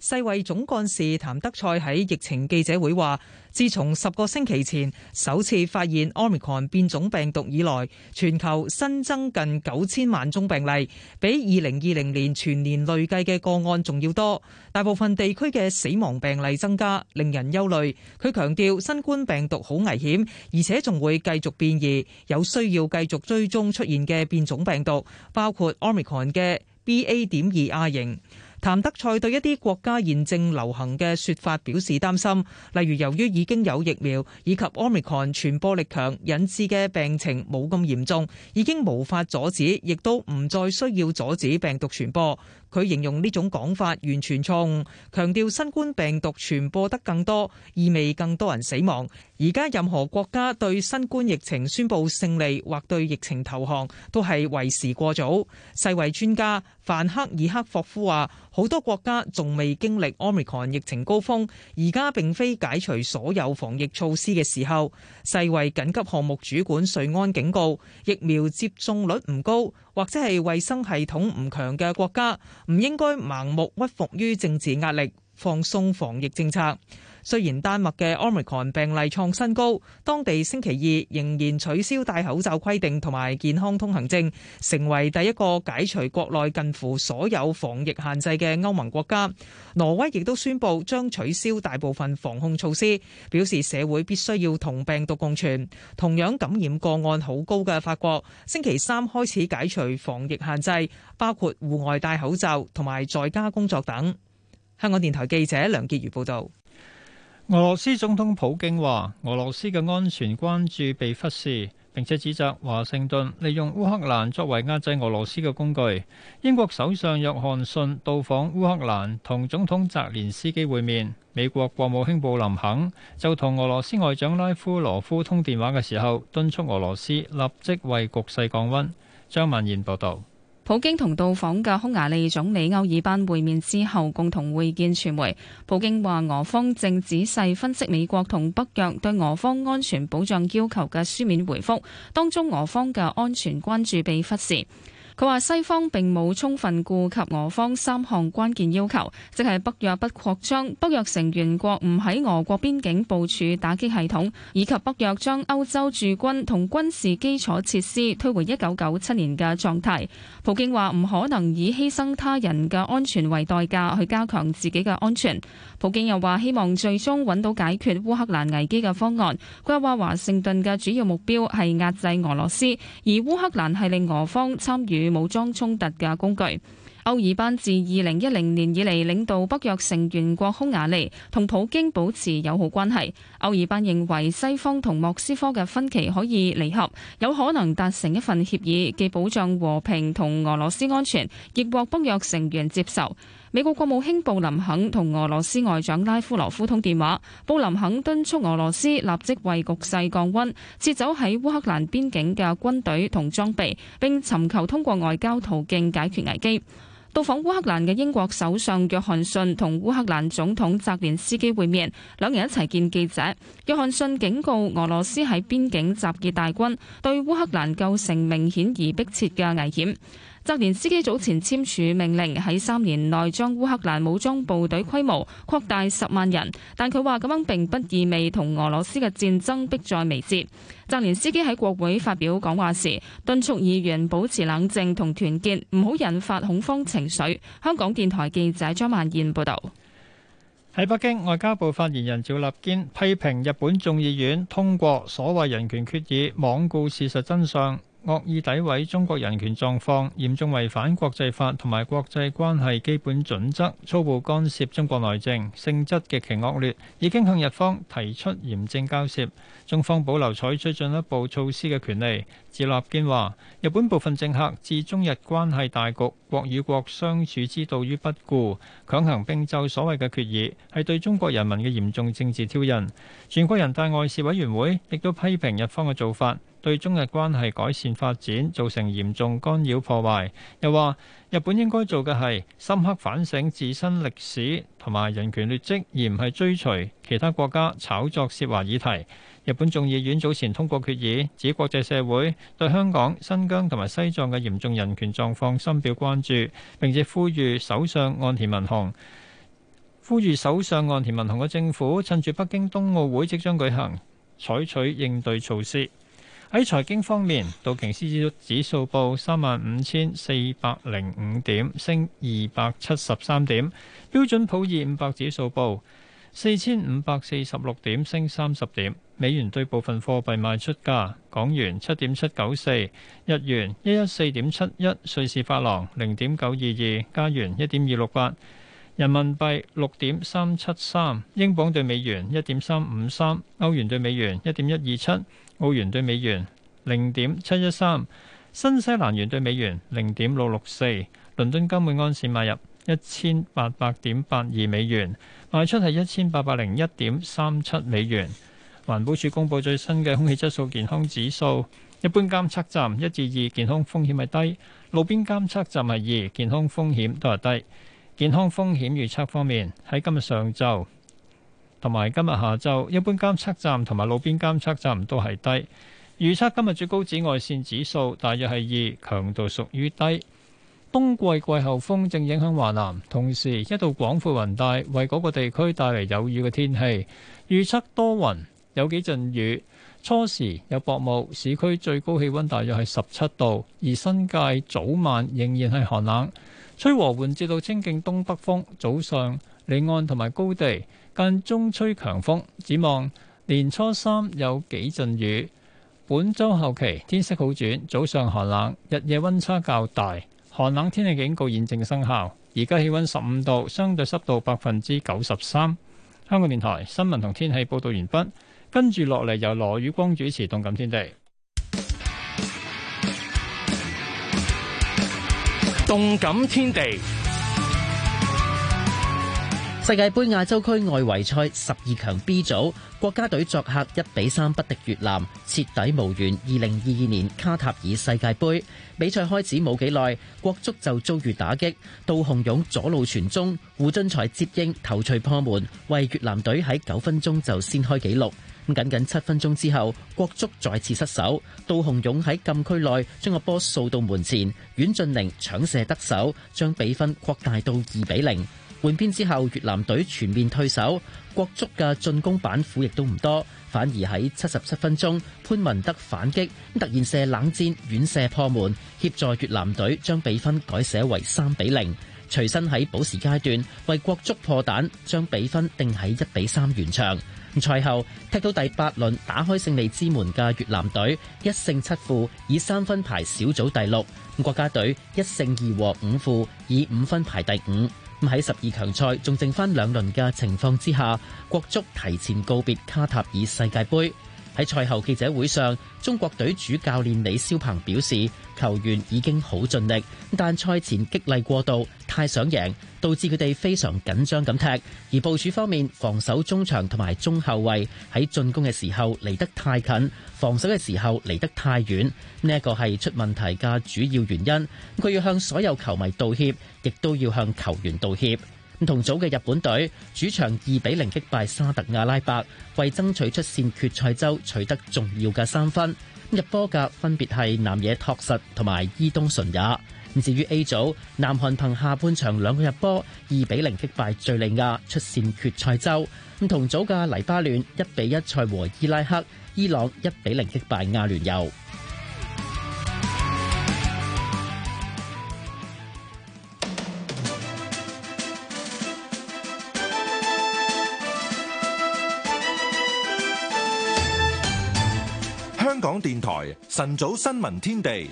世衛總幹事譚德賽喺疫情記者會話：自從十個星期前首次發現奧密克戎變種病毒以來，全球新增近九千萬宗病例，比二零二零年全年累計嘅個案仲要多。大部分地區嘅死亡病例增加，令人憂慮。佢強調，新冠病毒好危險，而且仲會繼續變異，有需要繼續追蹤出現嘅變種病毒，包括奧密克戎嘅 B A. 點二亞型。譚德賽對一啲國家現正流行嘅說法表示擔心，例如由於已經有疫苗，以及 Omicron 傳播力強，引致嘅病情冇咁嚴重，已經無法阻止，亦都唔再需要阻止病毒傳播。佢形容呢種講法完全錯誤，強調新冠病毒傳播得更多，意味更多人死亡。而家任何國家對新冠疫情宣布勝利或對疫情投降都係為時過早。世衛專家范克爾克霍夫話：好多國家仲未經歷 Omicron 疫情高峰，而家並非解除所有防疫措施嘅時候。世衛緊急項目主管瑞安警告：疫苗接種率唔高。或者係衛生系統唔強嘅國家，唔應該盲目屈服於政治壓力。放鬆防疫政策。雖然丹麥嘅 Omicron 病例創新高，當地星期二仍然取消戴口罩規定同埋健康通行證，成為第一個解除國內近乎所有防疫限制嘅歐盟國家。挪威亦都宣布將取消大部分防控措施，表示社會必須要同病毒共存。同樣感染個案好高嘅法國，星期三開始解除防疫限制，包括戶外戴口罩同埋在家工作等。香港電台記者梁潔如報道：俄羅斯總統普京話俄羅斯嘅安全關注被忽視，並且指責華盛頓利用烏克蘭作為壓制俄羅斯嘅工具。英國首相約翰遜到訪烏克蘭，同總統澤連斯基會面。美國國務卿布林肯就同俄羅斯外長拉夫羅夫通電話嘅時候，敦促俄羅斯立即為局勢降溫。張曼燕報道。普京同到訪嘅匈牙利總理歐爾班會面之後，共同會見傳媒。普京話：俄方正仔細分析美國同北約對俄方安全保障要求嘅書面回覆，當中俄方嘅安全關注被忽視。佢話西方並冇充分顧及俄方三項關鍵要求，即係北約不擴張，北約成員國唔喺俄國邊境部署打擊系統，以及北約將歐洲駐軍同軍事基礎設施推回一九九七年嘅狀態。普京話唔可能以犧牲他人嘅安全為代價去加強自己嘅安全。普京又話希望最終揾到解決烏克蘭危機嘅方案。佢話華盛頓嘅主要目標係壓制俄羅斯，而烏克蘭係令俄方參與武裝衝突嘅工具。歐爾班自二零一零年以嚟領導北約成員國匈牙利，同普京保持友好關係。歐爾班認為西方同莫斯科嘅分歧可以彌合，有可能達成一份協議，既保障和平同俄羅斯安全，亦獲北約成員接受。美國國務卿布林肯同俄羅斯外長拉夫羅夫通電話，布林肯敦促俄羅斯立即為局勢降温，撤走喺烏克蘭邊境嘅軍隊同裝備，並尋求通過外交途徑解決危機。到訪烏克蘭嘅英國首相約翰遜同烏克蘭總統澤連斯基會面，兩人一齊見記者。約翰遜警告俄羅斯喺邊境集結大軍，對烏克蘭構成明顯而迫切嘅危險。澤連斯基早前簽署命令，喺三年內將烏克蘭武裝部隊規模擴大十萬人，但佢話咁樣並不意味同俄羅斯嘅戰爭迫在眉睫。澤連斯基喺國會發表講話時，敦促議員保持冷靜同團結，唔好引發恐慌情緒。香港電台記者張萬燕報道。喺北京，外交部發言人趙立堅批評日本眾議院通過所謂人權決議，罔顧事實真相。惡意詆毀中國人權狀況，嚴重違反國際法同埋國際關係基本準則，粗暴干涉中國內政，性質極其惡劣。已經向日方提出嚴正交涉，中方保留採取進一步措施嘅權利。趙立堅話：日本部分政客置中日關係大局、國與國相處之道於不顧，強行編就所謂嘅決議，係對中國人民嘅嚴重政治挑釁。全國人大外事委員會亦都批評日方嘅做法。對中日關係改善發展造成嚴重干擾破壞。又話日本應該做嘅係深刻反省自身歷史同埋人權劣跡，而唔係追隨其他國家炒作涉華議題。日本眾議院早前通過決議，指國際社會對香港、新疆同埋西藏嘅嚴重人權狀況深表關注，並且呼籲首相岸田文雄。呼籲首相岸田文雄嘅政府，趁住北京冬奧會即將舉行，採取應對措施。喺財經方面，道瓊斯指數報三萬五千四百零五點，升二百七十三點；標準普爾五百指數報四千五百四十六點，升三十點。美元兌部分貨幣賣出價：港元七點七九四，日元一一四點七一，瑞士法郎零點九二二，加元一點二六八，人民幣六點三七三，英鎊兌美元一點三五三，歐元兌美元一點一二七。澳元兌美元零點七一三，新西蘭元兌美元零點六六四，倫敦金每盎司買入一千八百點八二美元，賣出係一千八百零一點三七美元。環保署公布最新嘅空氣質素健康指數，一般監測站一至二健康風險係低，路邊監測站係二健康風險都係低。健康風險預測方面喺今日上晝。同埋今日下晝一般監測站同埋路邊監測站都係低。預測今日最高紫外線指數大約係二，強度屬於低。冬季季候風正影響華南，同時一道廣闊雲帶為嗰個地區帶嚟有雨嘅天氣。預測多雲，有幾陣雨，初時有薄霧。市區最高氣溫大約係十七度，而新界早晚仍然係寒冷。吹和緩至到清勁東北風，早上。兩岸同埋高地間中吹強風，展望年初三有幾陣雨。本周後期天色好轉，早上寒冷，日夜温差較大。寒冷天氣警告現正生效。而家氣温十五度，相對濕度百分之九十三。香港電台新聞同天氣報道完畢，跟住落嚟由羅宇光主持《動感天地》。《動感天地》世界杯亞洲區外圍賽十二強 B 組，國家隊作客一比三不敵越南，徹底無緣二零二二年卡塔爾世界杯。比賽開始冇幾耐，國足就遭遇打擊。杜洪勇左路傳中，胡俊才接應頭槌破門，為越南隊喺九分鐘就先開紀錄。咁僅僅七分鐘之後，國足再次失手。杜洪勇喺禁區內將個波掃到門前，阮俊寧搶射得手，將比分擴大到二比零。換邊之後，越南隊全面退守，國足嘅進攻板斧亦都唔多。反而喺七十七分鐘，潘文德反擊突然射冷箭遠射破門，協助越南隊將比分改寫為三比零。隨身喺補時階段為國足破蛋，將比分定喺一比三，完場。賽後踢到第八輪打開勝利之門嘅越南隊一勝七負，以三分排小組第六；國家隊一勝二和五負，以五分排第五。咁喺十二強賽仲剩翻兩輪嘅情況之下，國足提前告別卡塔爾世界盃。喺賽後記者會上，中國隊主教練李霄鵬表示。球員已經好盡力，但賽前激勵過度，太想贏，導致佢哋非常緊張咁踢。而部署方面，防守中場同埋中後衛喺進攻嘅時候離得太近，防守嘅時候離得太遠，呢一個係出問題嘅主要原因。佢要向所有球迷道歉，亦都要向球員道歉。同組嘅日本隊主場二比零擊敗沙特阿拉伯，為爭取出線決賽周取得重要嘅三分。入波嘅分別係南野拓實同埋伊東純也。至於 A 組，南韓憑下半場兩個入波二比零擊敗敘利亞，出線決賽周。唔同組嘅黎巴嫩一比一賽和伊拉克，伊朗一比零擊敗亞聯酋。香港電台晨早新聞天地，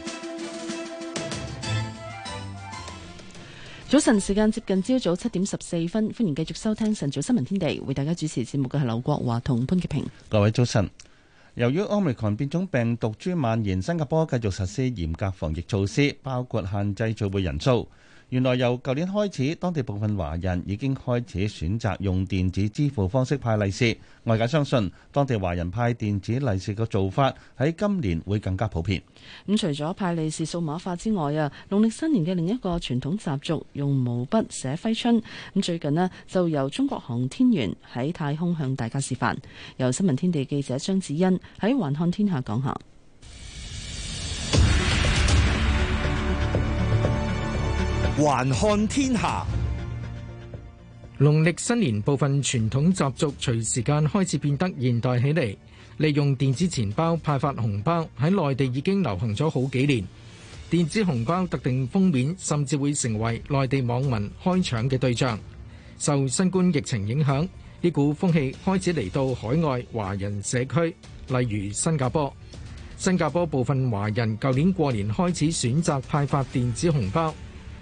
早晨時間接近朝早七點十四分，歡迎繼續收聽晨早新聞天地，為大家主持節目嘅係劉國華同潘潔平。各位早晨，由於 Omicron 變種病毒株蔓延，新加坡繼續實施嚴格防疫措施，包括限制聚會人數。原來由舊年開始，當地部分華人已經開始選擇用電子支付方式派利是。外界相信，當地華人派電子利是嘅做法喺今年會更加普遍。咁、嗯、除咗派利是數碼化之外啊，農曆新年嘅另一個傳統習俗，用毛筆寫揮春。咁、嗯、最近呢，就由中國航天員喺太空向大家示範。由新聞天地記者張子欣喺環看天下講下。還看天下，農曆新年部分傳統習俗隨時間開始變得現代起嚟。利用電子錢包派發紅包喺內地已經流行咗好幾年，電子紅包特定封面甚至會成為內地網民開搶嘅對象。受新冠疫情影響，呢股風氣開始嚟到海外華人社區，例如新加坡。新加坡部分華人舊年過年開始選擇派發電子紅包。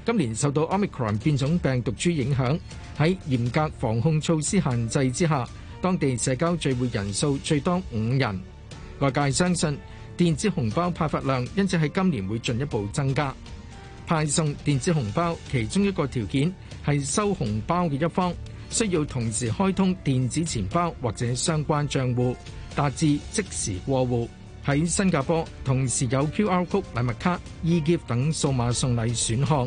今年受到 omicron 變種病毒株影響，喺嚴格防控措施限制之下，當地社交聚會人數最多五人。外界相信電子紅包派發量因此喺今年會進一步增加。派送電子紅包其中一個條件係收紅包嘅一方需要同時開通電子錢包或者相關賬戶，達至即時過戶。喺新加坡，同時有 QR code 禮物卡、易結等數碼送禮選項。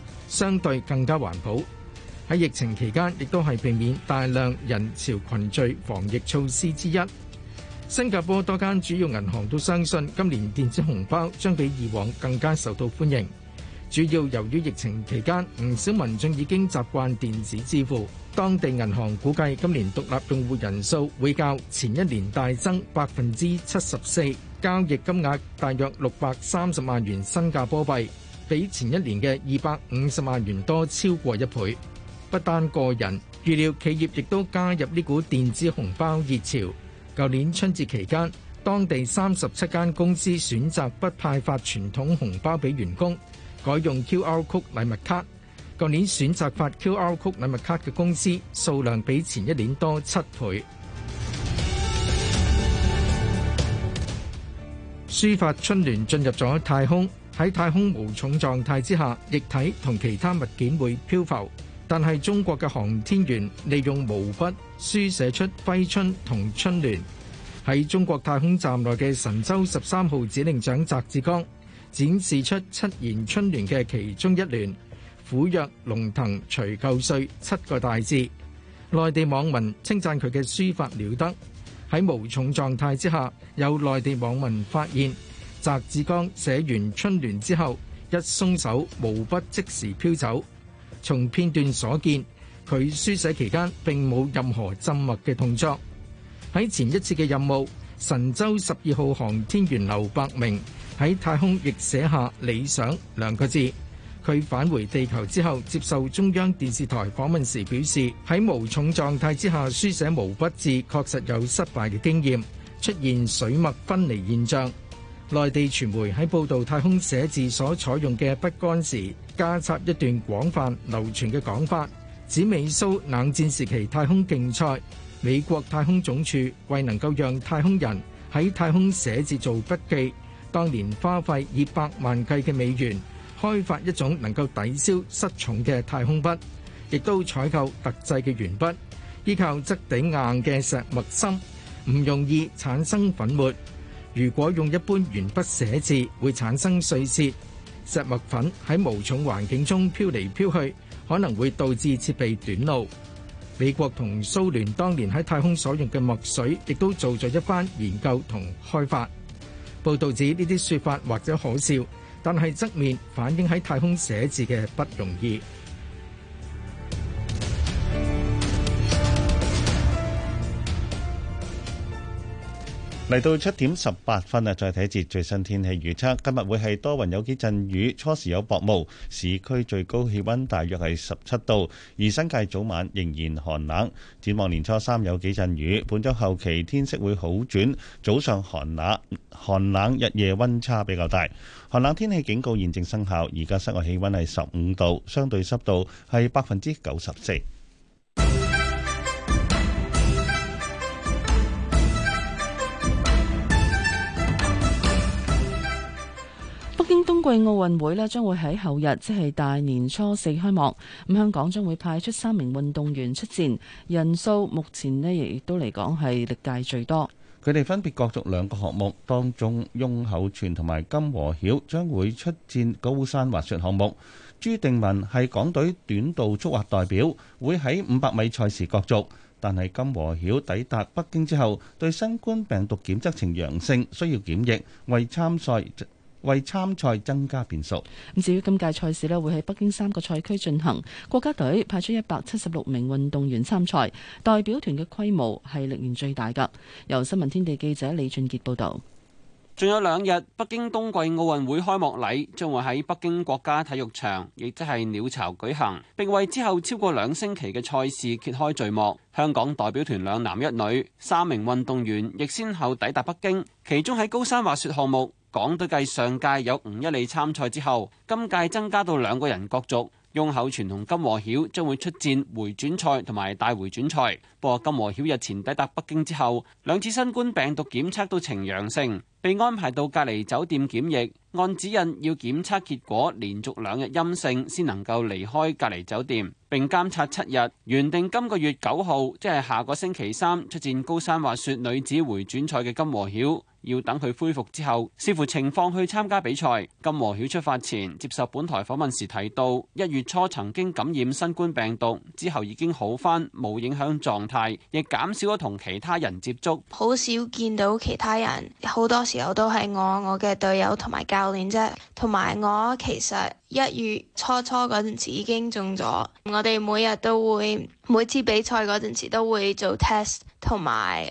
相對更加環保，喺疫情期間亦都係避免大量人潮群聚防疫措施之一。新加坡多間主要銀行都相信，今年電子紅包將比以往更加受到歡迎。主要由於疫情期間唔少民眾已經習慣電子支付，當地銀行估計今年獨立用戶人數會較前一年大增百分之七十四，交易金額大約六百三十萬元新加坡幣。比前一年嘅二百五十萬元多超過一倍。不單個人，預料企業亦都加入呢股電子紅包熱潮。舊年春節期間，當地三十七間公司選擇不派發傳統紅包俾員工，改用 QR Code 禮物卡。舊年選擇發 QR Code 禮物卡嘅公司數量比前一年多七倍。 書法春聯進入咗太空。喺太空無重狀態之下，液體同其他物件會漂浮，但係中國嘅航天員利用毛筆書寫出《揮春》同《春聯》。喺中國太空站內嘅神舟十三號指令長翟志剛展示出七言春聯嘅其中一聯「虎躍龍騰除舊歲」七個大字。內地網民稱讚佢嘅書法了得。喺無重狀態之下，有內地網民發現。翟志剛寫完春聯之後，一鬆手毛筆即時飄走。從片段所見，佢書寫期間並冇任何浸墨嘅動作。喺前一次嘅任務，神舟十二號航天員劉伯明喺太空亦寫下「理想」兩個字。佢返回地球之後，接受中央電視台訪問時表示，喺無重狀態之下書寫毛筆字，確實有失敗嘅經驗，出現水墨分離現象。內地傳媒喺報道太空寫字所採用嘅筆桿時，加插一段廣泛流傳嘅講法，指美蘇冷戰時期太空競賽，美國太空總署為能夠讓太空人喺太空寫字做筆記，當年花費以百萬計嘅美元開發一種能夠抵消失重嘅太空筆，亦都採購特製嘅鉛筆，依靠質地硬嘅石墨芯，唔容易產生粉末。如果用一般鉛筆寫字會產生碎屑，石墨粉喺無重環境中飄嚟飄去，可能會導致設備短路。美國同蘇聯當年喺太空所用嘅墨水亦都做咗一番研究同開發。報道指呢啲說法或者可笑，但係側面反映喺太空寫字嘅不容易。嚟到七點十八分啊，再睇一節最新天氣預測。今日會係多雲有幾陣雨，初時有薄霧。市區最高氣溫大約係十七度，而新界早晚仍然寒冷。展望年初三有幾陣雨，本周後期天色會好轉，早上寒冷，寒冷日夜溫差比較大。寒冷天氣警告現正生效，而家室外氣溫係十五度，相對濕度係百分之九十四。京冬季奧運會呢將會喺後日，即係大年初四開幕。咁香港將會派出三名運動員出戰，人數目前呢亦都嚟講係歷屆最多。佢哋分別角逐兩個項目，當中翁厚全同埋金和曉將會出戰高山滑雪項目，朱定文係港隊短道速滑代表，會喺五百米賽事角逐。但係金和曉抵達北京之後，對新冠病毒檢測呈陽性，需要檢疫，為參賽為參賽增加變數。至於今屆賽事咧，會喺北京三個賽區進行。國家隊派出一百七十六名運動員參賽，代表團嘅規模係歷年最大噶由新聞天地記者李俊杰報道。仲有兩日，北京冬季奧運會開幕禮將會喺北京國家體育場，亦即係鳥巢舉行，並為之後超過兩星期嘅賽事揭開序幕。香港代表團兩男一女三名運動員亦先後抵達北京，其中喺高山滑雪項目。港隊繼上屆有吳一莉參賽之後，今屆增加到兩個人角逐，翁厚全同金和曉將會出戰回轉賽同埋大回轉賽。不過，金和曉日前抵達北京之後，兩次新冠病毒檢測都呈陽性，被安排到隔離酒店檢疫，按指引要檢測結果連續兩日陰性先能夠離開隔離酒店並監察七日。原定今個月九號，即係下個星期三出戰高山滑雪女子回轉賽嘅金和曉。要等佢恢復之後，視乎情況去參加比賽。金和曉出發前接受本台訪問時提到，一月初曾經感染新冠病毒，之後已經好返，冇影響狀態，亦減少咗同其他人接觸，好少見到其他人，好多時候都係我、我嘅隊友同埋教練啫。同埋我其實一月初初嗰陣時已經中咗，我哋每日都會每次比賽嗰陣時都會做 test。同埋，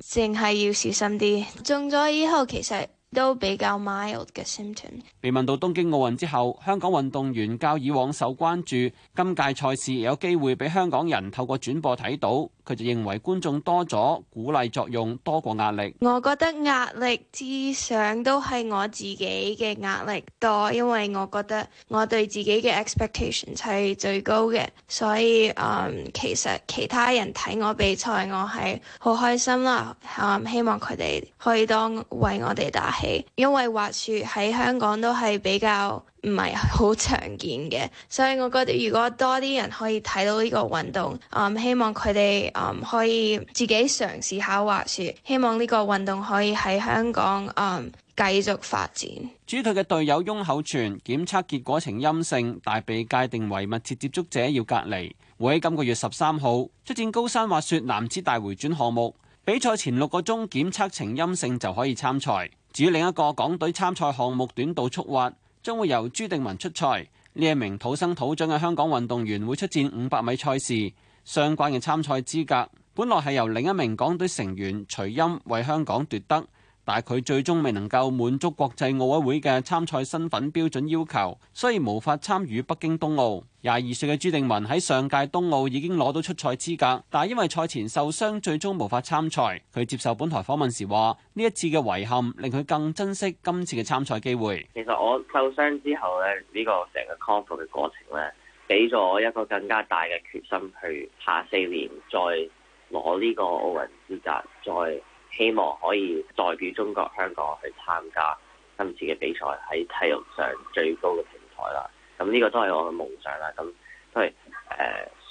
誒，淨係要小心啲。中咗以後，其實～都比較 mild 嘅 symptom。被問到東京奧運之後，香港運動員較以往受關注，今屆賽事有機會俾香港人透過轉播睇到，佢就認為觀眾多咗，鼓勵作用多過壓力。我覺得壓力之上都係我自己嘅壓力多，因為我覺得我對自己嘅 expectations 係最高嘅，所以嗯，其實其他人睇我比賽，我係好開心啦。嗯，希望佢哋可以當為我哋打。因為滑雪喺香港都係比較唔係好常見嘅，所以我覺得如果多啲人可以睇到呢個運動，嗯，希望佢哋嗯，可以自己嘗試下滑雪。希望呢個運動可以喺香港，嗯，繼續發展。至於佢嘅隊友翁口泉檢測結果呈陰性，但被界定為密切接觸者，要隔離。會喺今個月十三號出戰高山滑雪男子大回轉項目。比賽前六個鐘檢測呈陰性就可以參賽。至於另一個港隊參賽項目短道速滑，將會由朱定文出賽。呢一名土生土長嘅香港運動員會出戰五百米賽事，相關嘅參賽資格本來係由另一名港隊成員徐鑫為香港奪得。但係佢最終未能夠滿足國際奧委會嘅參賽身份標準要求，所以無法參與北京冬奧。廿二歲嘅朱定文喺上屆冬奧已經攞到出賽資格，但係因為賽前受傷，最終無法參賽。佢接受本台訪問時話，呢一次嘅遺憾令佢更珍惜今次嘅參賽機會。其實我受傷之後呢，呢個成個康復嘅過程呢，俾咗我一個更加大嘅決心去下四年再攞呢個奧運資格再。希望可以代表中國香港去參加今次嘅比賽，喺體育上最高嘅平台啦。咁、這、呢個都係我嘅夢想啦。咁都係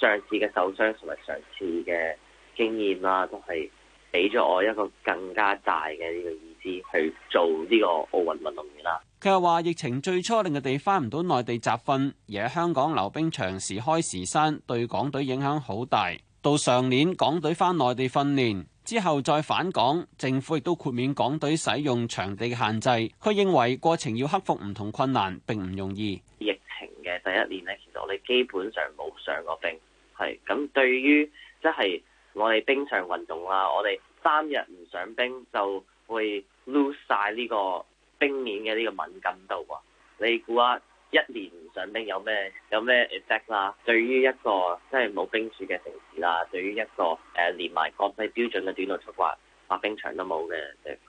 誒上次嘅受傷同埋上次嘅經驗啦，都係俾咗我一個更加大嘅呢個意志去做呢個奧運運動員啦。佢又話：疫情最初令佢哋返唔到內地集訓，而喺香港溜冰場時開時閂，對港隊影響好大。到上年港隊返內地訓練。之後再返港，政府亦都豁免港隊使用場地嘅限制。佢認為過程要克服唔同困難，並唔容易。疫情嘅第一年呢，其實我哋基本上冇上過冰。係咁，對於即係我哋冰上運動啦，我哋三日唔上冰就會 lose 晒呢個冰面嘅呢個敏感度啊。你估啊？一年上冰有咩有咩 effect 啦？對於一個即係冇冰柱嘅城市啦，對於一個誒、啊、連埋國際標準嘅短道速滑滑冰場都冇嘅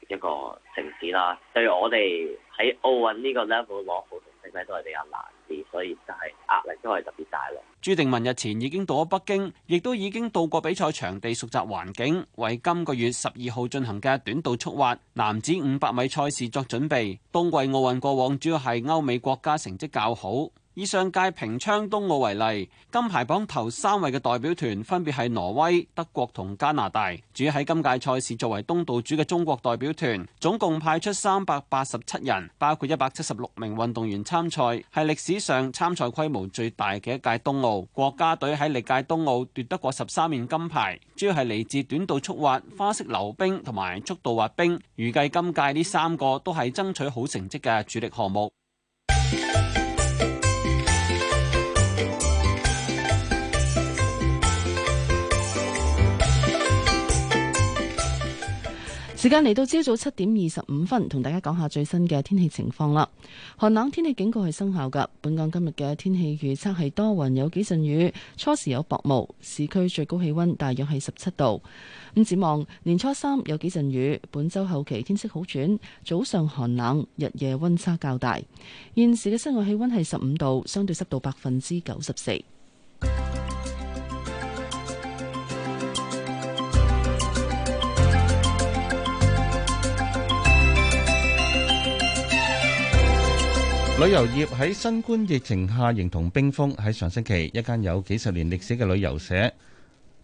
誒一個城市啦，對我哋喺奧運呢個 level 攞好。成世都係比較難啲，所以就係壓力都係特別大。朱定文日前已經到咗北京，亦都已經到過比賽場地熟習環境，為今個月十二號進行嘅短道速滑男子五百米賽事作準備。冬季奧運過往主要係歐美國家成績較好。以上屆平昌冬奧為例，金牌榜頭三位嘅代表團分別係挪威、德國同加拿大。主要喺今屆賽事作為東道主嘅中國代表團，總共派出三百八十七人，包括一百七十六名運動員參賽，係歷史上參賽規模最大嘅一屆冬奧。國家隊喺歷屆冬奧奪得過十三面金牌，主要係嚟自短道速滑、花式溜冰同埋速度滑冰。預計今屆呢三個都係爭取好成績嘅主力項目。時間嚟到朝早七點二十五分，同大家講下最新嘅天氣情況啦。寒冷天氣警告係生效噶。本港今日嘅天氣預測係多雲有幾陣雨，初時有薄霧，市區最高氣溫大約係十七度。咁展望年初三有幾陣雨，本周後期天色好轉，早上寒冷，日夜溫差較大。現時嘅室外氣溫係十五度，相對濕度百分之九十四。旅遊業喺新冠疫情下形同冰封。喺上星期，一間有幾十年歷史嘅旅遊社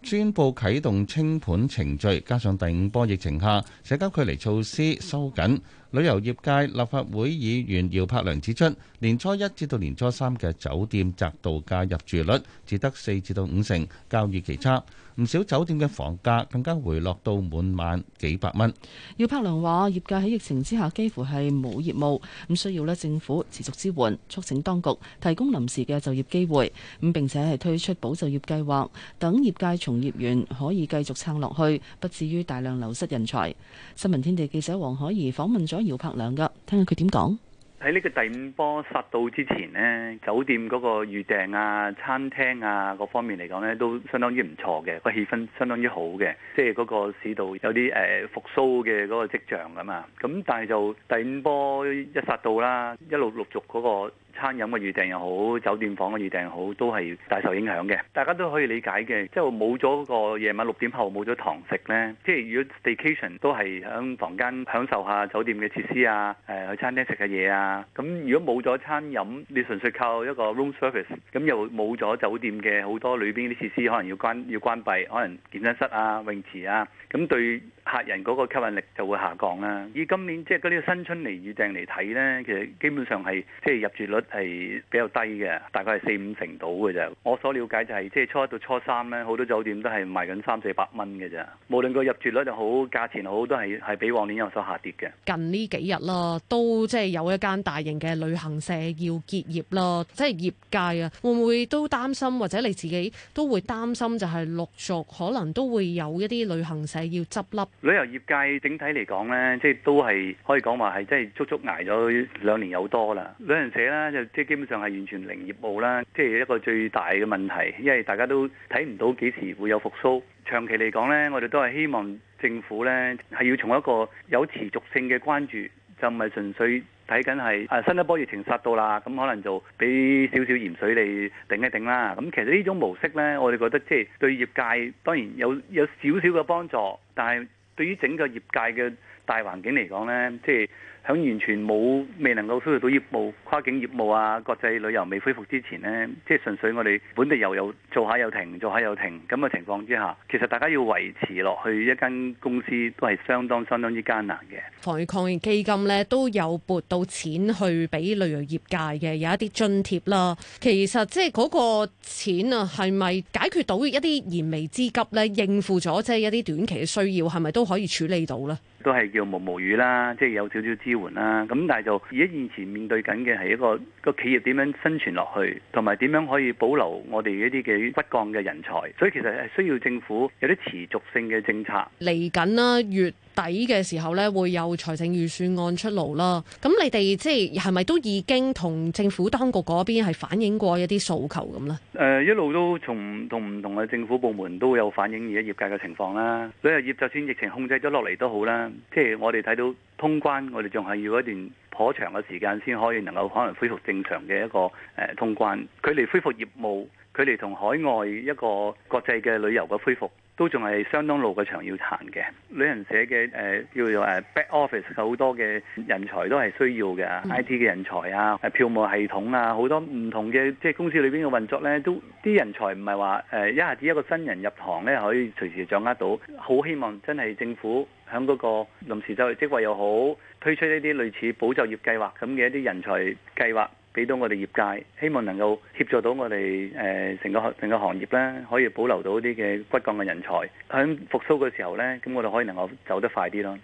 宣佈啟動清盤程序，加上第五波疫情下社交距離措施收緊，旅遊業界立法會議員姚柏良指出，年初一至到年初三嘅酒店及度假入住率只得四至到五成，較預期差。唔少酒店嘅房價更加回落到每晚幾百蚊。姚柏良話，業界喺疫情之下幾乎係冇業務，咁需要咧政府持續支援，促請當局提供臨時嘅就業機會，咁並且係推出保就業計劃，等業界從業員可以繼續撐落去，不至於大量流失人才。新聞天地記者黃海怡訪問咗姚柏良噶，聽下佢點講。喺呢個第五波殺到之前呢，酒店嗰個預訂啊、餐廳啊各方面嚟講呢，都相當於唔錯嘅，個氣氛相當於好嘅，即係嗰個市道有啲誒、呃、復甦嘅嗰個跡象啊嘛。咁但係就第五波一殺到啦，一路陸續嗰、那個。餐飲嘅預訂又好，酒店房嘅預訂又好，都係大受影響嘅。大家都可以理解嘅，即係冇咗個夜晚六點後冇咗堂食呢。即係如果 staycation 都係喺房間享受下酒店嘅設施啊，誒去餐廳食嘅嘢啊。咁如果冇咗餐飲，你純粹靠一個 room service，咁又冇咗酒店嘅好多裏邊啲設施，可能要關要關閉，可能健身室啊、泳池啊，咁對客人嗰個吸引力就會下降啦。以今年即係嗰啲新春嚟預訂嚟睇咧，其實基本上係即係入住率係比較低嘅，大概係四五成度嘅啫。我所了解就係即係初一到初三咧，好多酒店都係賣緊三四百蚊嘅啫。無論個入住率就好，價錢好，都係係比往年有所下跌嘅。近呢幾日啦，都即係有一間大型嘅旅行社要結業啦，即係業界啊，會唔會都擔心，或者你自己都會擔心就，就係陸續可能都會有一啲旅行社要執笠。旅遊業界整體嚟講呢即係都係可以講話係即係足足捱咗兩年有多啦。旅行社呢就即係基本上係完全零業務啦，即係一個最大嘅問題，因為大家都睇唔到幾時會有復甦。長期嚟講呢我哋都係希望政府呢係要從一個有持續性嘅關注，就唔係純粹睇緊係啊新一波疫情殺到啦，咁可能就俾少少鹽水嚟頂一頂啦。咁其實呢種模式呢，我哋覺得即係對業界當然有有少少嘅幫助，但係。對於整個業界嘅大環境嚟講，咧、就是，即係。喺完全冇未能夠恢復到業務、跨境業務啊、國際旅遊未恢復之前咧，即係純粹我哋本地又有做下又停，做下又停咁嘅情況之下，其實大家要維持落去一間公司都係相當相當之艱難嘅。防疫抗疫基金咧都有撥到錢去俾旅遊業界嘅，有一啲津貼啦。其實即係嗰個錢啊，係咪解決到一啲燃眉之急咧？應付咗即係一啲短期嘅需要，係咪都可以處理到咧？都係叫毛毛雨啦，即係有少少資。換啦，咁但係就而家現前面對緊嘅係一個個企業點樣生存落去，同埋點樣可以保留我哋一啲嘅骨幹嘅人才，所以其實係需要政府有啲持續性嘅政策。嚟緊啦，月底嘅時候咧，會有財政預算案出爐啦。咁你哋即係係咪都已經同政府當局嗰邊係反映過一啲訴求咁咧？誒、呃、一路都從同唔同嘅政府部門都有反映而家業界嘅情況啦。旅遊業就算疫情控制咗落嚟都好啦，即係我哋睇到通關，我哋仲係要一段頗長嘅時間先可以能夠可能恢復正常嘅一個誒通關距離恢復業務。佢哋同海外一個國際嘅旅遊嘅恢復，都仲係相當路嘅長要行嘅。旅行社嘅誒、呃，叫做誒 back office，好多嘅人才都係需要嘅，IT 嘅人才啊，票務系統啊，好多唔同嘅即係公司裏邊嘅運作呢，都啲人才唔係話誒一下子一個新人入行呢，可以隨時掌握到。好希望真係政府響嗰個臨時就業職位又好，推出呢啲類似保就業計劃咁嘅一啲人才計劃。俾到我哋業界，希望能夠協助到我哋誒成個成個行業咧，可以保留到啲嘅骨幹嘅人才，響復蘇嘅時候咧，咁我哋可以能夠走得快啲咯。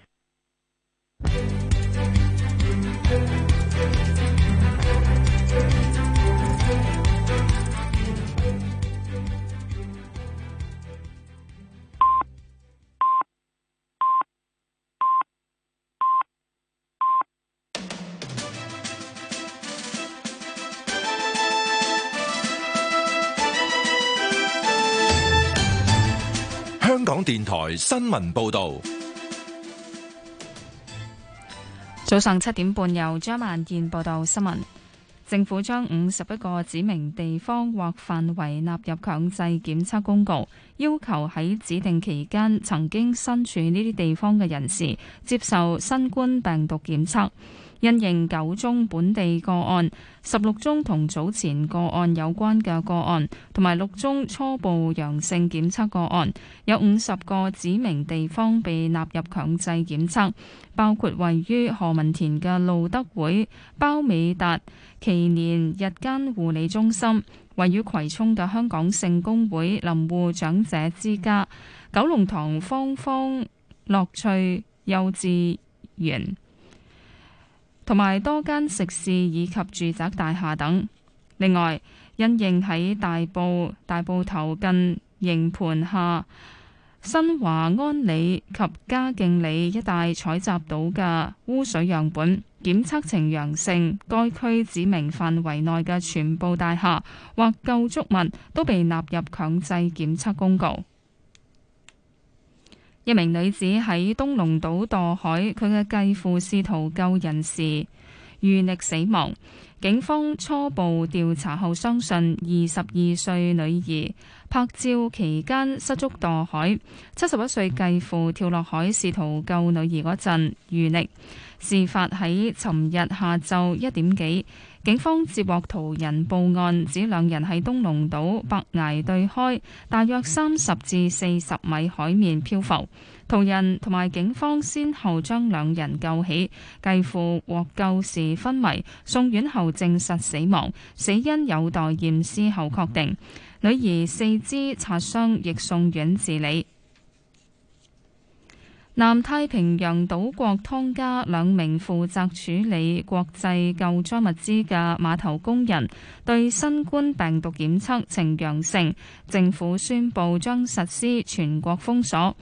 電台新聞報道：早上七點半，由張萬燕報道新聞。政府將五十一個指明地方或範圍納入強制檢測公告，要求喺指定期間曾經身處呢啲地方嘅人士接受新冠病毒檢測。因應九宗本地個案、十六宗同早前個案有關嘅個案，同埋六宗初步陽性檢測個案，有五十個指明地方被納入強制檢測，包括位於何文田嘅路德會包美達耆年日間護理中心，位於葵涌嘅香港聖公會林護長者之家、九龍塘芳芳樂趣幼稚園。同埋多間食肆以及住宅大廈等。另外，因應喺大埔大埔頭近營盤下新華安里及嘉敬里一帶採集到嘅污水樣本檢測呈陽性，該區指明範圍內嘅全部大廈或舊築物都被納入強制檢測公告。一名女子喺東龍島墮海，佢嘅繼父試圖救人時，遇溺死亡。警方初步調查後，相信二十二歲女兒拍照期間失足墮海，七十一歲繼父跳落海試圖救女兒嗰陣遇溺。事發喺尋日下晝一點幾。警方接獲途人報案，指兩人喺東龍島白崖對開，大約三十至四十米海面漂浮。途人同埋警方先後將兩人救起，繼父獲救時昏迷，送院後證實死亡，死因有待驗屍後確定。女兒四肢擦傷，亦送院治理。南太平洋島國湯加兩名負責處理國際救災物資嘅碼頭工人對新冠病毒檢測呈陽性，政府宣布將實施全國封鎖。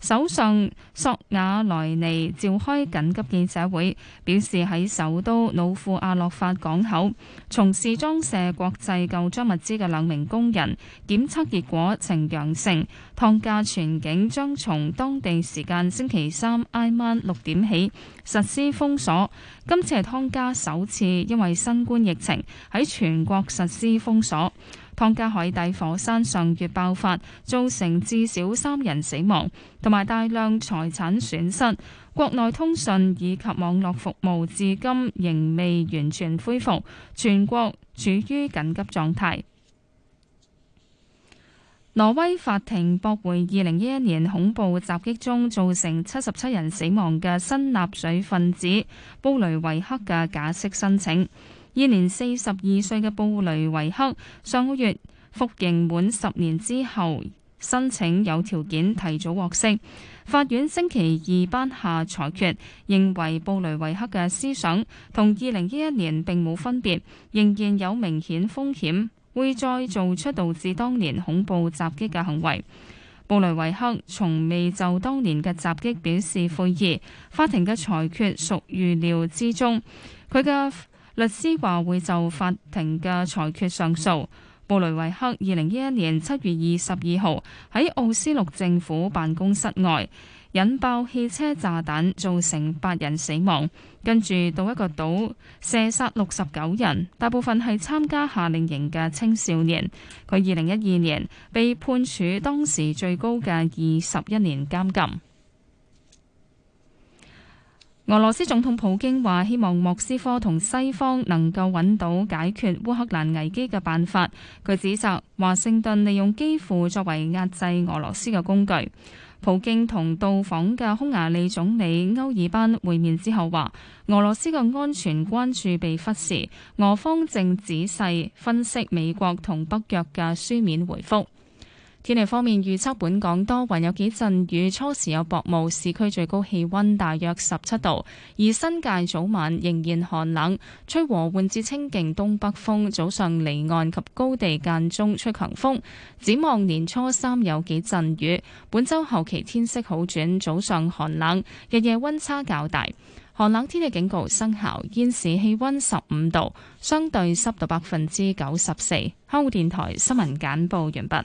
首相索瓦萊尼召開緊急記者會，表示喺首都努庫阿洛法港口從事裝卸國際救災物資嘅兩名工人檢測結果呈陽性，湯加全境將從當地時間星期三挨晚六點起實施封鎖。今次係湯加首次因為新冠疫情喺全國實施封鎖。湯加海底火山上月爆發，造成至少三人死亡，同埋大量財產損失。國內通訊以及網絡服務至今仍未完全恢復，全國處於緊急狀態。挪威法庭駁回二零一一年恐怖襲擊中造成七十七人死亡嘅新納粹分子布雷維克嘅假釋申請。現年四十二歲嘅布雷維克上個月服刑滿十年之後，申請有條件提早獲釋。法院星期二頒下裁決，認為布雷維克嘅思想同二零一一年並冇分別，仍然有明顯風險會再做出導致當年恐怖襲擊嘅行為。布雷維克從未就當年嘅襲擊表示悔意。法庭嘅裁決屬預料之中，佢嘅律師話會就法庭嘅裁決上訴。布雷維克二零一一年七月二十二號喺奧斯陸政府辦公室外引爆汽車炸彈，造成八人死亡。跟住到一個島射殺六十九人，大部分係參加夏令營嘅青少年。佢二零一二年被判處當時最高嘅二十一年監禁。俄羅斯總統普京話，希望莫斯科同西方能夠揾到解決烏克蘭危機嘅辦法。佢指責華盛頓利用基輔作為壓制俄羅斯嘅工具。普京同到訪嘅匈牙利總理歐爾班會面之後，話俄羅斯嘅安全關注被忽視，俄方正仔細分析美國同北約嘅書面回覆。天氣方面，預測本港多雲，雲，有幾陣雨，初時有薄霧，市區最高氣温大約十七度，而新界早晚仍然寒冷，吹和緩至清勁東北風，早上離岸及高地間中吹強風。展望年初三有幾陣雨，本周後期天色好轉，早上寒冷，日夜温差較大。寒冷天氣警告生效，現時氣温十五度，相對濕度百分之九十四。香港電台新聞簡報完畢。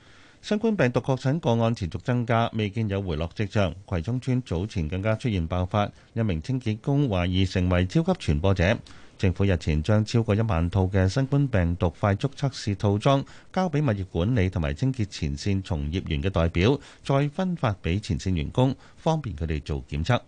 新冠病毒確診個案持續增加，未見有回落跡象。葵涌村早前更加出現爆發，一名清潔工懷疑成為超級傳播者。政府日前將超過一萬套嘅新冠病毒快速測試套裝交俾物業管理同埋清潔前線從業員嘅代表，再分發俾前線員工。方便佢哋做檢測。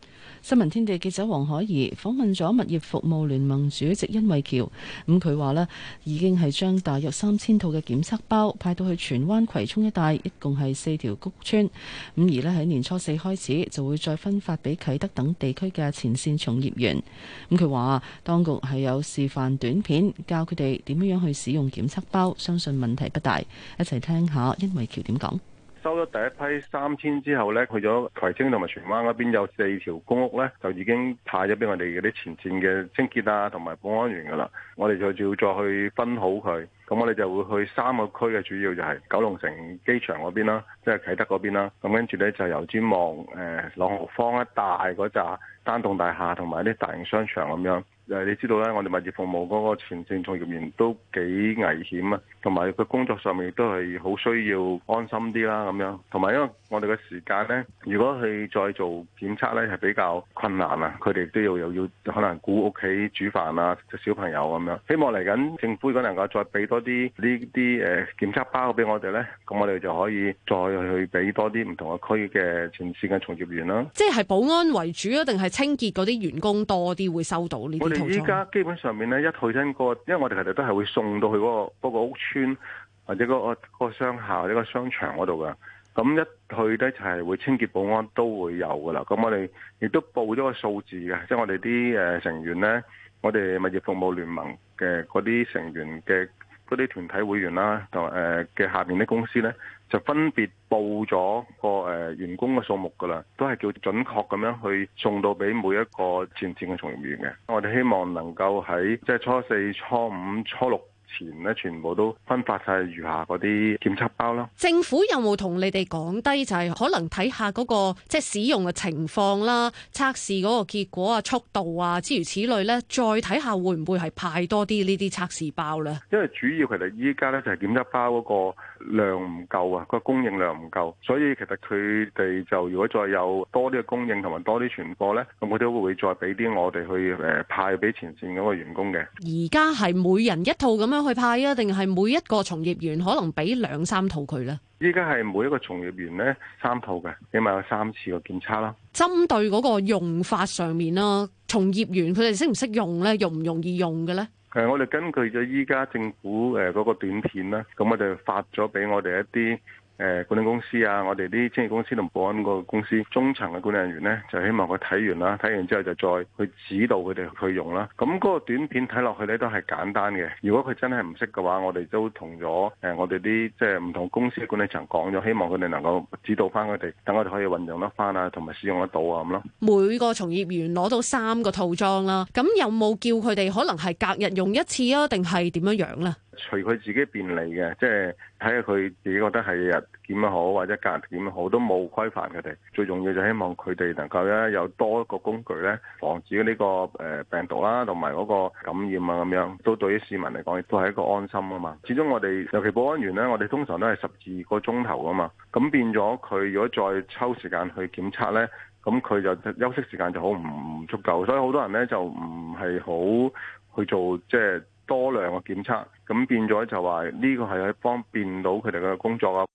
新聞天地記者黃海怡訪問咗物業服務聯盟主席殷惠喬，咁佢話呢已經係將大約三千套嘅檢測包派到去荃灣葵涌一帶，一共係四條谷村。咁、嗯、而呢喺年初四開始就會再分發俾啟德等地區嘅前線從業員。咁佢話當局係有示範短片教佢哋點樣樣去使用檢測包，相信問題不大。一齊聽下殷惠喬點講。收咗第一批三千之後咧，去咗葵青同埋荃灣嗰邊有四條公屋咧，就已經派咗俾我哋嗰啲前線嘅清潔啊同埋保安員噶啦。我哋就照再去分好佢，咁我哋就會去三個區嘅主要就係、是、九龍城機場嗰邊啦，即係啟德嗰邊啦。咁跟住咧就由尖旺誒朗豪坊一帶嗰紮單棟大廈同埋啲大型商場咁樣。誒，你知道咧，我哋物業服務嗰個全線從業員都幾危險啊，同埋佢工作上面亦都係好需要安心啲啦，咁樣，同埋因為我哋嘅時間咧，如果去再做檢測咧，係比較困難啊。佢哋都要又要可能估屋企煮飯啊，小朋友咁樣，希望嚟緊政府嗰能夠再俾多啲呢啲誒檢測包俾我哋咧，咁我哋就可以再去俾多啲唔同嘅區嘅全線嘅從業員啦。即係保安為主啊，定係清潔嗰啲員工多啲會收到呢啲？依家基本上面咧，一去親個，因為我哋其實都係會送到去嗰個嗰個屋邨，或者嗰個嗰個商廈或者個商場嗰度嘅。咁一去咧就係會清潔保安都會有噶啦。咁我哋亦都報咗個數字嘅，即係我哋啲誒成員咧，我哋物業服務聯盟嘅嗰啲成員嘅嗰啲團體會員啦，同誒嘅下面啲公司咧。就分別報咗個誒員工嘅數目噶啦，都係叫準確咁樣去送到俾每一個前線嘅從業員嘅。我哋希望能夠喺即係初四、初五、初六前咧，全部都分發晒餘下嗰啲檢測包啦。政府有冇同你哋講低，就係可能睇下嗰個即係使用嘅情況啦、測試嗰個結果啊、速度啊諸如此類咧，再睇下會唔會，係派多啲呢啲測試包咧？因為主要其實依家咧就係檢測包嗰個量唔夠啊，個供應量唔夠，所以其實，佢哋就如果再有多啲嘅供應同埋多啲存貨咧，咁佢哋都會再俾啲我哋去誒派俾前線嗰個員工嘅。而家係每人一套咁樣去派啊，定係每一個從業員可能俾兩三套佢咧？依家係每一個從業員咧三套嘅，起碼有三次嘅檢測啦。針對嗰個用法上面啦，從業員懂懂，佢哋識唔識用咧，容唔容易用嘅咧？誒，我哋根據咗依家政府誒嗰個短片啦，咁我哋發咗俾我哋一啲。誒，管理公司啊，我哋啲清潔公司同保安個公司中層嘅管理人員呢，就希望佢睇完啦，睇完之後就再去指導佢哋去用啦。咁、那、嗰個短片睇落去呢，都係簡單嘅。如果佢真係唔識嘅話，我哋都、呃、同咗誒我哋啲即係唔同公司嘅管理層講咗，希望佢哋能夠指導翻佢哋，等我哋可以運用得翻啊，同埋使用得到啊咁咯。每個從業員攞到三個套裝啦、啊，咁有冇叫佢哋可能係隔日用一次啊，定係點樣樣、啊、呢？隨佢自己便利嘅，即係睇下佢自己覺得係日點好，或者隔日點好，都冇規範佢哋。最重要就希望佢哋能夠咧有多一個工具咧，防止呢個誒病毒啦，同埋嗰個感染啊，咁樣都對於市民嚟講亦都係一個安心啊嘛。始終我哋尤其保安員咧，我哋通常都係十二個鐘頭噶嘛，咁變咗佢如果再抽時間去檢測咧，咁佢就休息時間就好唔足夠，所以好多人咧就唔係好去做即係。就是多量嘅檢測，咁變咗就話呢個係可以方便到佢哋嘅工作啊！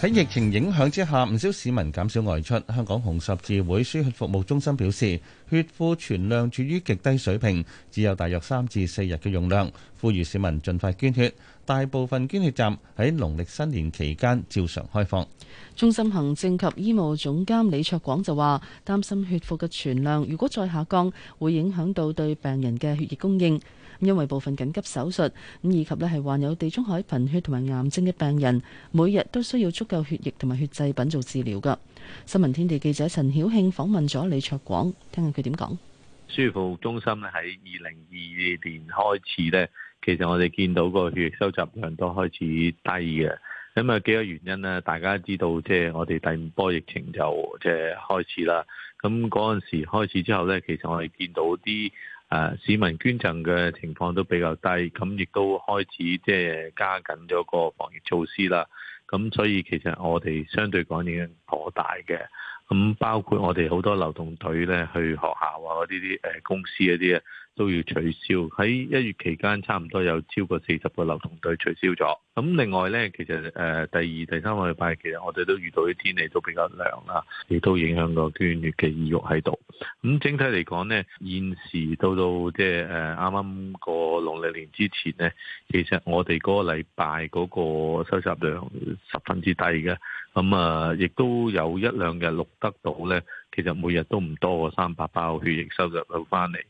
喺疫情影響之下，唔少市民減少外出。香港紅十字會輸血服務中心表示，血庫存量處於極低水平，只有大約三至四日嘅用量，呼籲市民盡快捐血。大部分捐血站喺農曆新年期間照常開放。中心行政及醫務總監李卓廣就話，擔心血庫嘅存量如果再下降，會影響到對病人嘅血液供應。咁因為部分緊急手術，咁以及咧係患有地中海貧血同埋癌症嘅病人，每日都需要足夠血液同埋血製品做治療噶。新聞天地記者陳曉慶訪問咗李卓廣，聽下佢點講。輸血服務中心咧喺二零二二年開始咧。其實我哋見到個血液收集量都開始低嘅，咁啊幾個原因呢，大家知道即係我哋第五波疫情就即係開始啦。咁嗰陣時開始之後呢，其實我哋見到啲誒市民捐贈嘅情況都比較低，咁亦都開始即係加緊咗個防疫措施啦。咁所以其實我哋相對講已經頗大嘅，咁包括我哋好多流動隊呢，去學校啊嗰啲啲誒公司嗰啲啊。都要取消喺一月期間，差唔多有超過四十個流動隊取消咗。咁另外呢，其實誒、呃、第二、第三個禮拜其實我哋都遇到啲天氣都比較涼啦，亦都影響個捐血嘅意欲喺度。咁整體嚟講呢，現時到到即係啱啱過農曆年之前呢，其實我哋嗰個禮拜嗰個收集量十分之低嘅。咁、嗯、啊，亦、呃、都有一兩日錄得到呢。其實每日都唔多過三百包血液收集到翻嚟，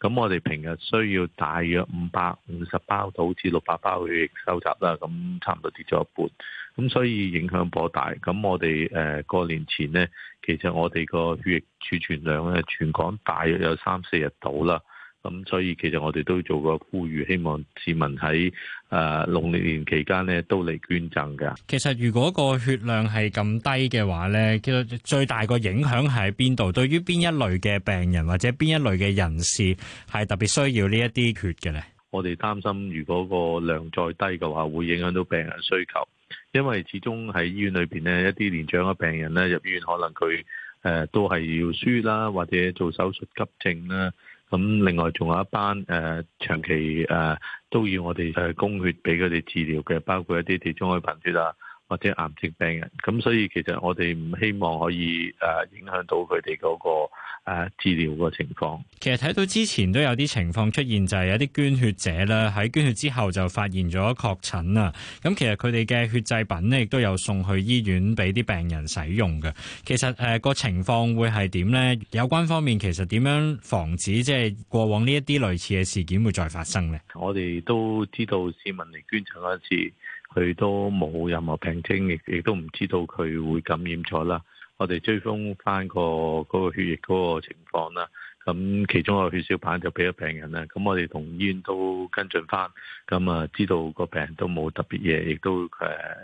咁我哋平日需要大約五百五十包到好似六百包血液收集啦，咁差唔多跌咗一半，咁所以影響頗大。咁我哋誒過年前呢，其實我哋個血液儲存量咧，全港大約有三四日到啦。咁、嗯、所以其實我哋都做過呼籲，希望市民喺誒農曆年期間咧都嚟捐贈噶。其實如果個血量係咁低嘅話咧，其實最大個影響係邊度？對於邊一類嘅病人或者邊一類嘅人士係特別需要呢一啲血嘅咧？我哋擔心如果個量再低嘅話，會影響到病人需求，因為始終喺醫院裏邊咧，一啲年長嘅病人咧入醫院可能佢誒、呃、都係要輸啦，或者做手術急症啦。咁另外仲有一班誒、呃、長期誒、呃、都要我哋係供血俾佢哋治療嘅，包括一啲地中海貧血啊。或者癌症病人，咁所以其實我哋唔希望可以誒影響到佢哋嗰個誒、啊、治療個情況。其實睇到之前都有啲情況出現，就係、是、有啲捐血者啦喺捐血之後就發現咗確診啊！咁其實佢哋嘅血製品呢亦都有送去醫院俾啲病人使用嘅。其實誒個、呃、情況會係點咧？有關方面其實點樣防止即係過往呢一啲類似嘅事件會再發生咧？我哋都知道市民嚟捐贈嗰陣時。佢都冇任何病徵，亦亦都唔知道佢會感染咗啦。我哋追蹤翻個嗰個血液嗰個情況啦。咁其中個血小板就俾咗病人啦。咁我哋同醫院都跟進翻，咁啊知道個病人都冇特別嘢，亦都誒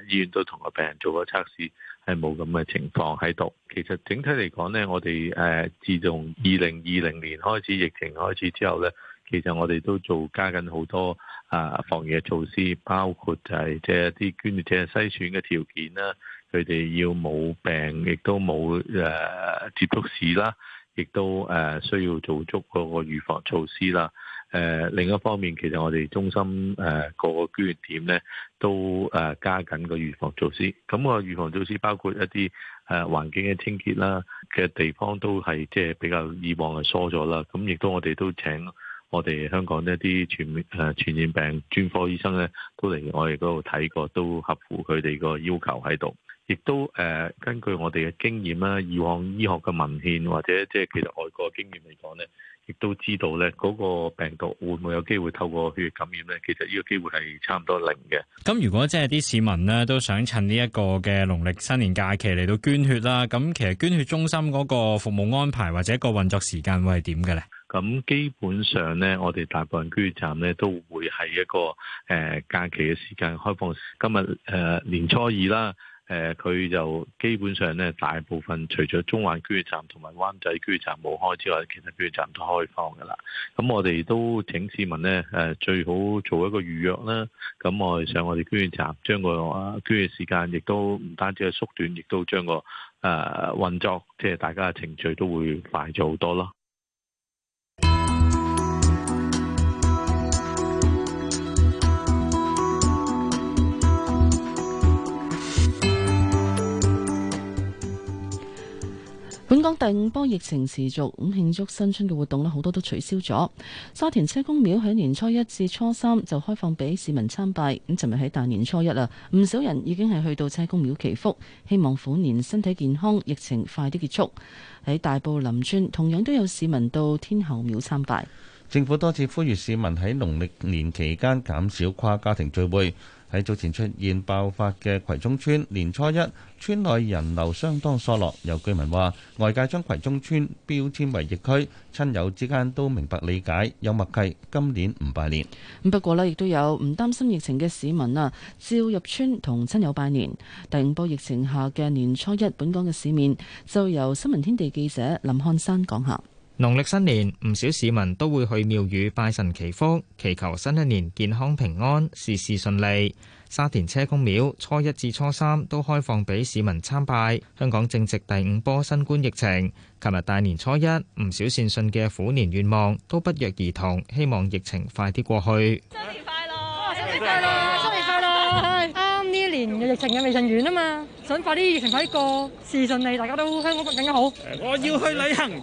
醫院都同個病人做個測試，係冇咁嘅情況喺度。其實整體嚟講呢，我哋誒自從二零二零年開始疫情開始之後呢，其實我哋都做加緊好多。啊！防疫措施包括就係即係一啲捐血者篩選嘅條件啦，佢哋要冇病，亦都冇誒、呃、接觸史啦，亦都誒、呃、需要做足嗰個預防措施啦。誒、呃、另一方面，其實我哋中心誒、呃、個捐血點咧都誒、呃、加緊個預防措施。咁、嗯嗰個預防措施包括一啲誒、呃、環境嘅清潔啦，其實地方都係即係比較以往係疏咗啦。咁亦都我哋都請。我哋香港一啲傳誒傳染病專科醫生咧，都嚟我哋嗰度睇過，都合乎佢哋個要求喺度。亦都誒、呃，根據我哋嘅經驗啦，以往醫學嘅文獻或者即係其實外國經驗嚟講咧，亦都知道咧嗰個病毒會唔會有機會透過血液感染咧？其實呢個機會係差唔多零嘅。咁如果即係啲市民咧都想趁呢一個嘅農曆新年假期嚟到捐血啦，咁其實捐血中心嗰個服務安排或者個運作時間會係點嘅咧？咁基本上呢，我哋大部分區域站呢都會係一個誒假、呃、期嘅時間開放。今日誒、呃、年初二啦，誒、呃、佢就基本上呢大部分除咗中環區域站同埋灣仔區域站冇開之外，其他區域站都開放噶啦。咁我哋都請市民呢誒、呃、最好做一個預約啦。咁我哋上我哋區域站將個區域嘅時間亦都唔單止係縮短，亦都將、那個誒、呃、運作，即、就、係、是、大家嘅程序都會快咗好多咯。第五波疫情持續，咁慶祝新春嘅活動咧，好多都取消咗。沙田車公廟喺年初一至初三就開放俾市民參拜。咁，尋日喺大年初一啦，唔少人已經係去到車公廟祈福，希望虎年身體健康，疫情快啲結束。喺大埔林村同樣都有市民到天后廟參拜。政府多次呼籲市民喺農曆年期間減少跨家庭聚會。喺早前出現爆發嘅葵涌村，年初一，村內人流相當疏落。有居民話：外界將葵涌村標籤為疫區，親友之間都明白理解，有默契。今年唔拜年咁。不過呢，亦都有唔擔心疫情嘅市民啊，照入村同親友拜年。第五波疫情下嘅年初一，本港嘅市面就由新聞天地記者林漢山講下。農曆新年，唔少市民都會去廟宇拜神祈福，祈求新一年健康平安、事事順利。沙田車公廟初一至初三都開放俾市民參拜。香港正值第五波新冠疫情，琴日大年初一，唔少善信嘅虎年願望都不約而同，希望疫情快啲過去。新年快樂！新年快樂！疫情嘅未盡完啊嘛，想快啲疫情快啲過，事順利，大家都香港國更加好。我要去旅行，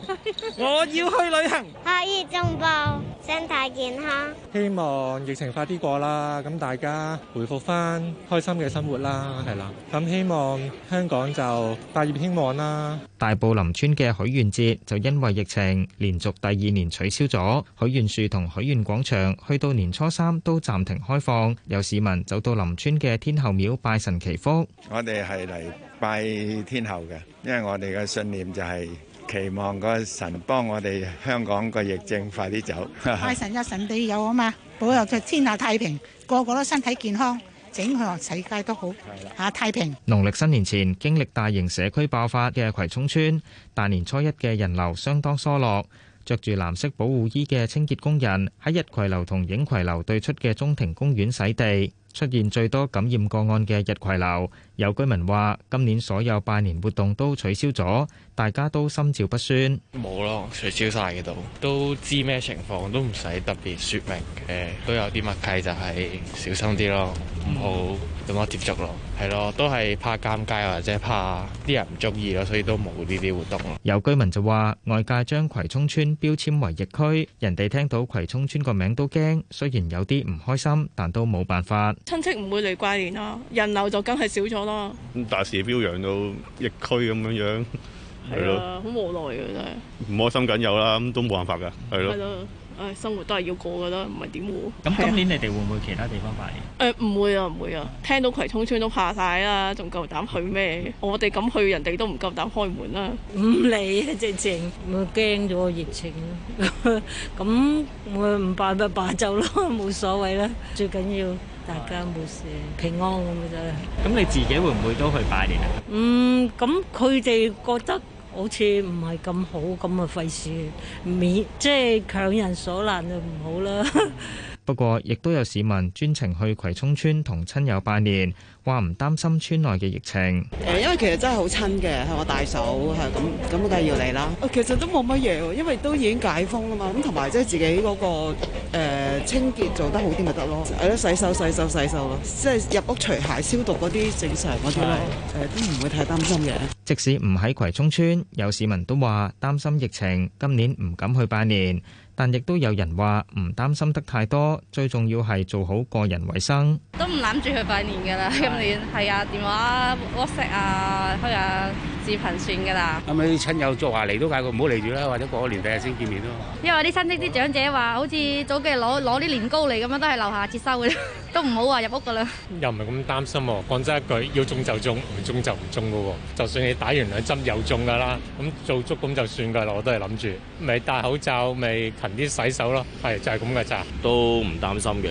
我要去旅行。開悅眾報，身體健康。希望疫情快啲過啦，咁大家回復翻開心嘅生活啦，係啦。咁希望香港就大業興旺啦。大埔林村嘅許願節就因為疫情連續第二年取消咗，許願樹同許願廣場去到年初三都暫停開放，有市民走到林村嘅天后廟拜。拜神祈福，我哋係嚟拜天后嘅，因為我哋嘅信念就係期望個神幫我哋香港個疫症快啲走。拜神一神地有啊嘛，保佑着天下太平，個個都身體健康，整個世界都好吓太平。農曆新年前經歷大型社區爆發嘅葵涌村，大年初一嘅人流相當疏落，着住藍色保護衣嘅清潔工人喺日葵樓同影葵樓對出嘅中庭公園洗地。出現最多感染個案嘅日葵樓。有居民話：今年所有拜年活動都取消咗，大家都心照不宣。冇咯，取消晒嘅都都知咩情況，都唔使特別說明。誒、呃，都有啲默契就係、是、小心啲咯，唔好咁多接觸咯。係咯，都係怕尷尬或者怕啲人唔中意咯，所以都冇呢啲活動咯。有居民就話：外界將葵涌村標籤為疫區，人哋聽到葵涌村個名都驚。雖然有啲唔開心，但都冇辦法。親戚唔會嚟拜年啦，人流就梗係少咗。啦，大事飄揚到疫區咁樣樣，係咯的，好的無奈嘅真係的。唔開心緊有啦，咁都冇辦法噶，係咯。係咯，唉、哎，生活都係要過噶啦，唔係點活？咁今年你哋會唔會其他地方擺？誒，唔、呃、會啊，唔會啊，聽到葵涌村都怕晒啦，仲夠膽去咩？ 我哋噉去，人哋都唔夠膽開門啦。唔理啊，正正，我驚咗個疫情啦。咁 我唔擺咪擺就咯，冇所謂啦，最緊要。大家冇事，平安咁嘅啫。咁你自己會唔會都去拜年啊？嗯 咁佢哋覺得好似唔係咁好，咁啊，費事免，即係強人所難就唔好啦。 不過，亦都有市民專程去葵涌村同親友拜年，話唔擔心村內嘅疫情。誒，因為其實真係好親嘅，係我大嫂，係咁，咁梗係要嚟啦。其實都冇乜嘢，因為都已經解封啦嘛。咁同埋即係自己嗰、個誒、呃、清潔做得好啲咪得咯。係洗手、洗手、洗手咯。即係入屋除鞋、消毒嗰啲，正常嗰啲咧，誒、哦呃、都唔會太擔心嘅。即使唔喺葵涌村，有市民都話擔心疫情，今年唔敢去拜年。但亦都有人話唔擔心得太多，最重要係做好個人衛生。都唔攬住去拜年噶啦，今年係啊，電話 WhatsApp 啊，開啊。視頻算㗎啦，係咪親友作話嚟都嗌佢唔好嚟住啦，或者過個年第二日先見面咯。因為啲親戚啲長者話，好似早幾日攞攞啲年糕嚟咁樣，都係樓下接收嘅，都唔好話入屋㗎啦。又唔係咁擔心，講真一句，要中就中，唔中就唔中㗎喎。就算你打完兩針又中㗎啦，咁做足咁就算㗎啦，我都係諗住。咪戴口罩，咪勤啲洗手咯，係就係咁嘅咋。都唔擔心嘅，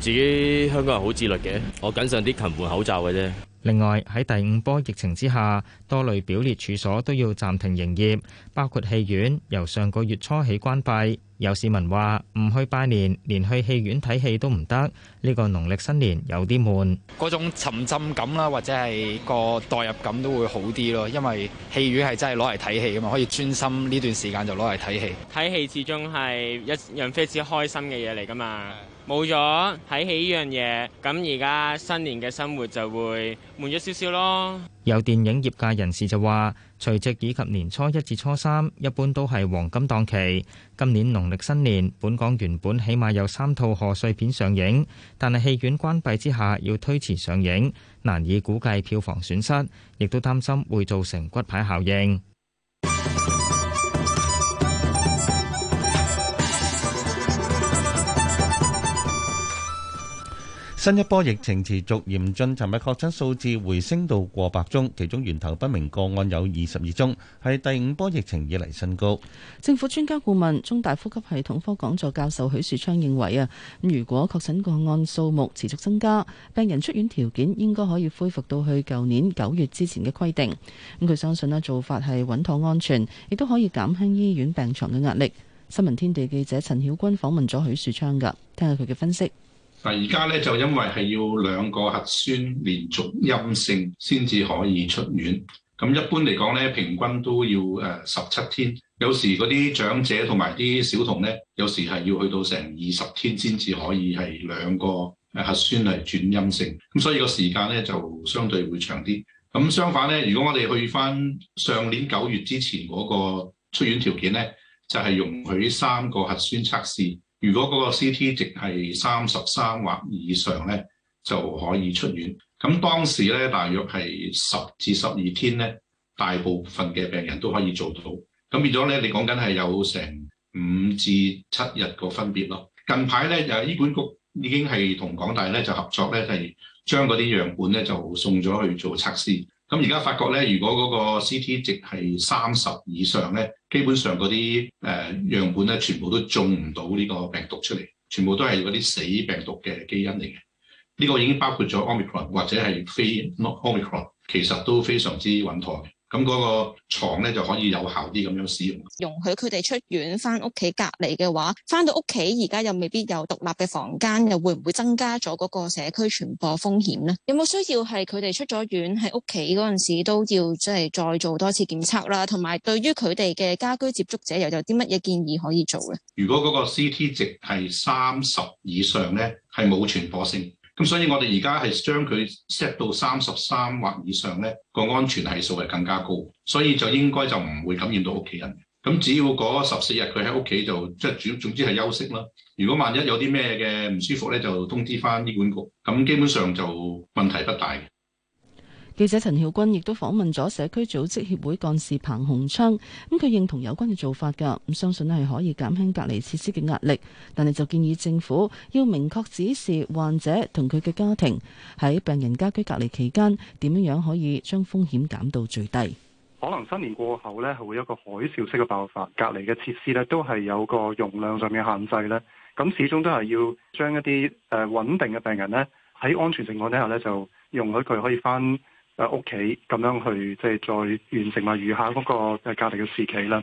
自己香港人好自律嘅，我謹慎啲，勤換口罩嘅啫。另外喺第五波疫情之下，多類表列處所都要暫停營業，包括戲院，由上個月初起關閉。有市民話：唔去拜年，連去戲院睇戲都唔得。呢個農曆新年有啲悶，嗰種沉浸感啦，或者係個代入感都會好啲咯。因為戲院係真係攞嚟睇戲噶嘛，可以專心呢段時間就攞嚟睇戲。睇戲始終係一樣非常之開心嘅嘢嚟噶嘛。冇咗睇戲呢樣嘢，咁而家新年嘅生活就會悶咗少少咯。有電影業界人士就話，除夕以及年初一至初三，一般都係黃金檔期。今年農曆新年，本港原本起碼有三套賀歲片上映，但係戲院關閉之下，要推遲上映，難以估計票房損失，亦都擔心會造成骨牌效應。新一波疫情持續嚴峻，尋日確診數字回升到過百宗，其中源頭不明個案有二十二宗，係第五波疫情以嚟新高。政府專家顧問、中大呼吸系統科講座教授許樹昌認為啊，咁如果確診個案數目持續增加，病人出院條件應該可以恢復到去舊年九月之前嘅規定。咁佢相信呢做法係穩妥安全，亦都可以減輕醫院病床嘅壓力。新聞天地記者陳曉君訪問咗許樹昌㗎，聽下佢嘅分析。嗱，而家咧就因為係要兩個核酸連續陰性先至可以出院，咁一般嚟講咧平均都要誒十七天，有時嗰啲長者同埋啲小童咧，有時係要去到成二十天先至可以係兩個核酸係轉陰性，咁所以個時間咧就相對會長啲。咁相反咧，如果我哋去翻上年九月之前嗰個出院條件咧，就係容許三個核酸測試。如果嗰個 CT 值係三十三或以上咧，就可以出院。咁當時咧，大約係十至十二天咧，大部分嘅病人都可以做到。咁變咗咧，你講緊係有成五至七日個分別咯。近排咧，誒醫管局已經係同港大咧就合作咧，係將嗰啲樣本咧就送咗去做測試。咁而家發覺咧，如果嗰個 CT 值係三十以上咧，基本上嗰啲誒樣本咧，全部都中唔到呢個病毒出嚟，全部都係嗰啲死病毒嘅基因嚟嘅。呢個已經包括咗 Omicron，或者係非 Omicron，其實都非常之穩妥。咁嗰個牀咧就可以有效啲咁樣使用。容許佢哋出院返屋企隔離嘅話，返到屋企而家又未必有獨立嘅房間，又會唔會增加咗嗰個社區傳播風險呢？有冇需要係佢哋出咗院喺屋企嗰陣時都要即係再做多次檢測啦？同埋對於佢哋嘅家居接觸者又有啲乜嘢建議可以做咧？如果嗰個 CT 值係三十以上咧，係冇傳播性。咁所以我哋而家係將佢 set 到三十三或以上咧，個安全係數係更加高，所以就應該就唔會感染到屋企人。咁只要嗰十四日佢喺屋企就即係總總之係休息啦。如果萬一有啲咩嘅唔舒服咧，就通知翻醫管局。咁基本上就問題不大嘅。記者陳曉君亦都訪問咗社區組織協會幹事彭洪昌，咁佢認同有關嘅做法噶，咁相信咧係可以減輕隔離設施嘅壓力，但係就建議政府要明確指示患者同佢嘅家庭喺病人家居隔離期間點樣樣可以將風險減到最低。可能新年過後咧係會有一個海嘯式嘅爆發，隔離嘅設施咧都係有個容量上面嘅限制呢，咁始終都係要將一啲誒穩定嘅病人呢，喺安全情況底下呢，就容許佢可以翻喺屋企咁樣去，即係再完成埋餘下嗰個隔離嘅時期啦。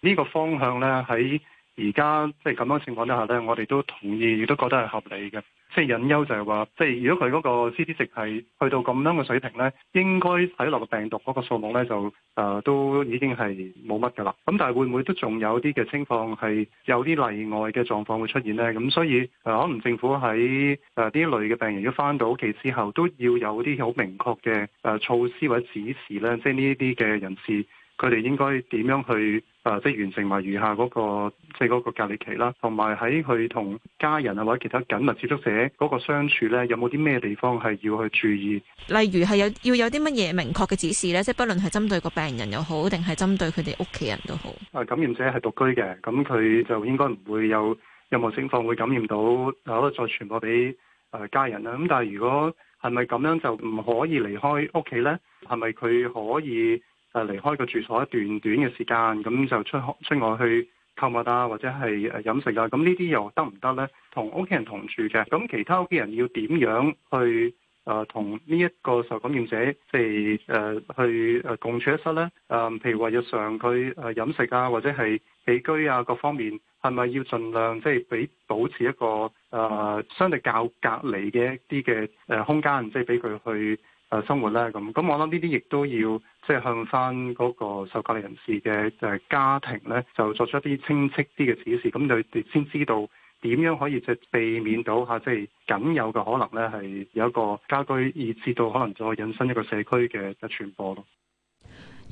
呢、這個方向咧，喺而家即係咁樣情況之下咧，我哋都同意，亦都覺得係合理嘅。即係隱憂就係話，即係如果佢嗰個 C T 值係去到咁樣嘅水平咧，應該睇落個病毒嗰個數目咧就誒、呃、都已經係冇乜㗎啦。咁但係會唔會都仲有啲嘅情況係有啲例外嘅狀況會出現咧？咁所以誒可能政府喺呢啲類嘅病人如果翻到屋企之後，都要有啲好明確嘅誒、呃、措施或者指示咧，即係呢啲嘅人士。佢哋應該點樣去啊、呃？即係完成埋餘下嗰、那個即係嗰個隔離期啦，同埋喺佢同家人啊或者其他緊密接觸者嗰個相處咧，有冇啲咩地方係要去注意？例如係有要有啲乜嘢明確嘅指示咧？即係不論係針對個病人又好，定係針對佢哋屋企人都好。啊、呃，感染者係獨居嘅，咁佢就應該唔會有任何情況會感染到，可、呃、能再傳播俾啊、呃、家人啦。咁但係如果係咪咁樣就唔可以離開屋企咧？係咪佢可以？誒離開個住所一段短嘅時間，咁就出出外去購物啊，或者係誒飲食啊，咁呢啲又得唔得咧？同屋企人同住嘅，咁其他屋企人要點樣去誒同呢一個受感染者即係誒去誒共處一室咧？誒、呃，譬如話日常佢誒飲食啊，或者係起居啊各方面，係咪要盡量即係俾保持一個誒、呃、相對較隔離嘅一啲嘅誒空間，即係俾佢去？誒生活咧咁，咁我諗呢啲亦都要即係向翻嗰個受隔離人士嘅誒家庭咧，就作出一啲清晰啲嘅指示，咁佢哋先知道點樣可以即係避免到嚇，即係僅有嘅可能咧係有一個家居以至到可能再引申一個社區嘅一傳播咯。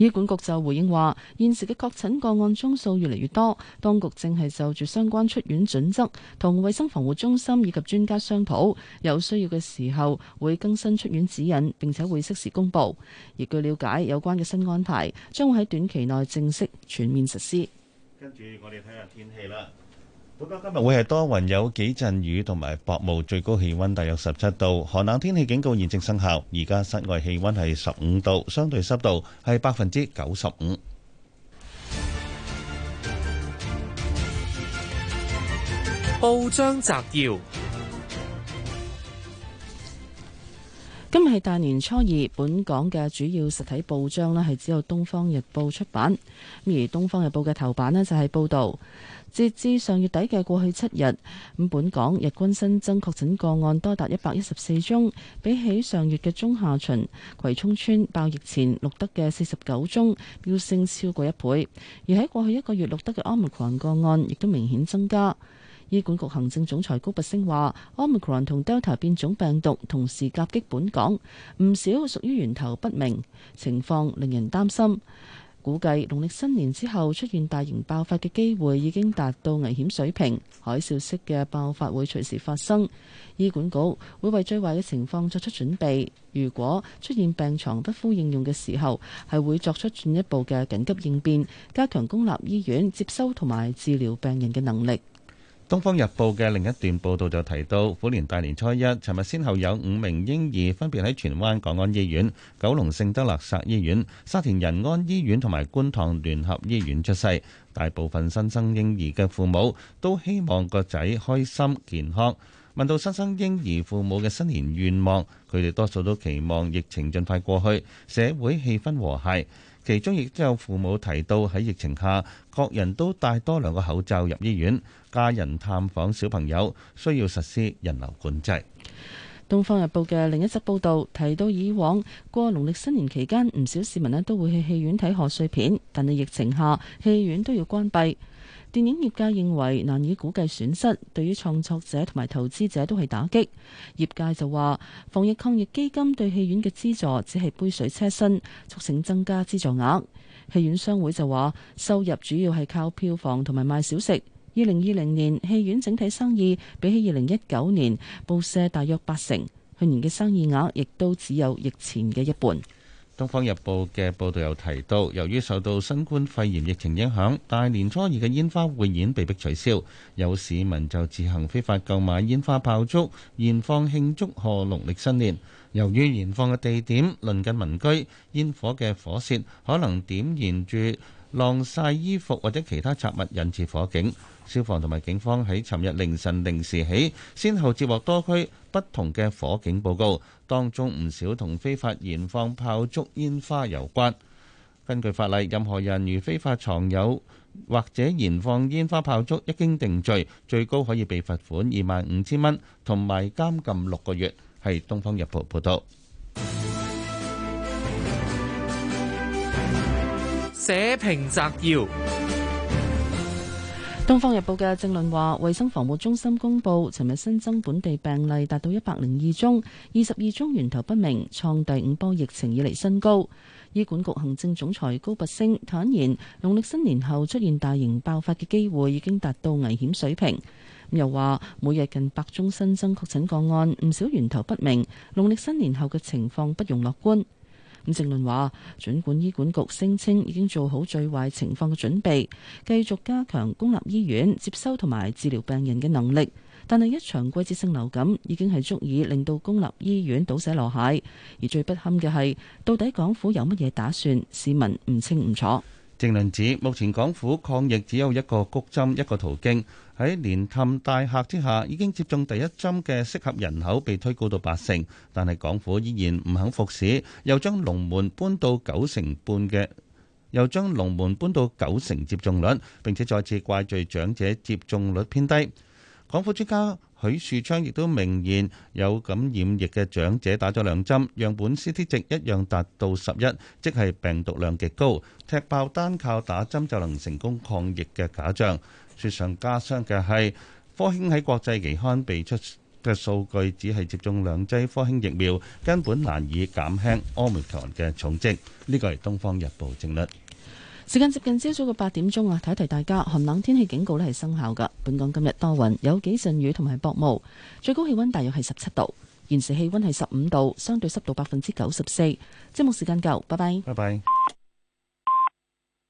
醫管局就回應話，現時嘅確診個案宗數越嚟越多，當局正係就住相關出院準則同衛生防護中心以及專家商討，有需要嘅時候會更新出院指引，並且會適時公布。而據了解，有關嘅新安排將會喺短期內正式全面實施。跟住我哋睇下天氣啦。今日會係多雲，有幾陣雨同埋薄霧，最高氣溫大約十七度。寒冷天氣警告現正生效，而家室外氣溫係十五度，相對濕度係百分之九十五。報章摘要：今日係大年初二，本港嘅主要實體報章呢係只有《東方日報》出版。而《東方日報》嘅頭版呢，就係報道。截至上月底嘅過去七日，本港日均新增確診個案多達一百一十四宗，比起上月嘅中下旬葵涌村爆疫前錄得嘅四十九宗，飆升超過一倍。而喺過去一個月錄得嘅奧密克戎個案，亦都明顯增加。醫管局行政總裁高拔昇話：奧密克戎同 Delta 變種病毒同時夾擊本港，唔少屬於源頭不明，情況令人擔心。估計農曆新年之後出現大型爆發嘅機會已經達到危險水平，海嘯式嘅爆發會隨時發生。醫管局會為最壞嘅情況作出準備。如果出現病床不敷應用嘅時候，係會作出進一步嘅緊急應變，加強公立醫院接收同埋治療病人嘅能力。《東方日報》嘅另一段報導就提到，虎年大年初一，尋日先後有五名嬰兒分別喺荃灣港安醫院、九龍聖德勒薩醫院、沙田仁安醫院同埋觀塘聯合醫院出世。大部分新生嬰兒嘅父母都希望個仔開心健康。問到新生嬰兒父母嘅新年願望，佢哋多數都期望疫情盡快過去，社會氣氛和諧。其中亦都有父母提到喺疫情下，各人都戴多兩個口罩入醫院。家人探訪小朋友需要實施人流管制。《東方日報》嘅另一則報道提到，以往過農曆新年期間，唔少市民咧都會去戲院睇賀歲片，但係疫情下戲院都要關閉。電影業界認為難以估計損失，對於創作者同埋投資者都係打擊。業界就話防疫抗疫基金對戲院嘅資助只係杯水車薪，促成增加資助額。戲院商會就話收入主要係靠票房同埋賣小食。二零二零年戲院整體生意比起二零一九年暴跌大約八成，去年嘅生意額亦都只有疫前嘅一半。《東方日報》嘅報導又提到，由於受到新冠肺炎疫情影響，大年初二嘅煙花匯演被迫取消，有市民就自行非法購買煙花爆竹燃放慶祝賀農曆新年。由於燃放嘅地點鄰近民居，煙火嘅火舌可能點燃住晾晒衣服或者其他雜物引致火警，消防同埋警方喺尋日凌晨零時起，先後接獲多區不同嘅火警報告，當中唔少同非法燃放炮竹煙花有關。根據法例，任何人如非法藏有或者燃放煙花炮竹，一經定罪，最高可以被罰款二萬五千蚊，同埋監禁六個月。係《東方日報》報道。社評摘要。《東方日報》嘅政論話，衛生防護中心公布，尋日新增本地病例達到一百零二宗，二十二宗源頭不明，創第五波疫情以嚟新高。醫管局行政總裁高拔升坦言，農曆新年後出現大型爆發嘅機會已經達到危險水平。又話，每日近百宗新增確診個案，唔少源頭不明，農曆新年後嘅情況不容樂觀。伍正倫話，儘管醫管局聲稱已經做好最壞情況嘅準備，繼續加強公立醫院接收同埋治療病人嘅能力。但係一場季節性流感已經係足以令到公立醫院倒瀉籮蟹，而最不堪嘅係，到底港府有乜嘢打算，市民唔清唔楚。正倫指，目前港府抗疫只有一個谷針一個途徑。喺連探大客之下，已經接種第一針嘅適合人口被推高到八成，但係港府依然唔肯服侍，又將龍門搬到九成半嘅，又將龍門搬到九成接種率，並且再次怪罪長者接種率偏低。港府專家許樹昌亦都明言，有感染疫嘅長者打咗兩針，樣本 Ct 值一樣達到十一，即係病毒量極高，踢爆單靠打針就能成功抗疫嘅假象。雪上加霜嘅係科興喺國際期刊畀出嘅數據，只係接種兩劑科興疫苗，根本難以減輕奧密克戎嘅重症。呢個係《東方日報》正論。時間接近朝早嘅八點鐘啊，提一提大家，寒冷天氣警告呢係生效噶。本港今日多雲，有幾陣雨同埋薄霧，最高氣溫大約係十七度，現時氣溫係十五度，相對濕度百分之九十四。節目時間夠，拜拜，拜拜。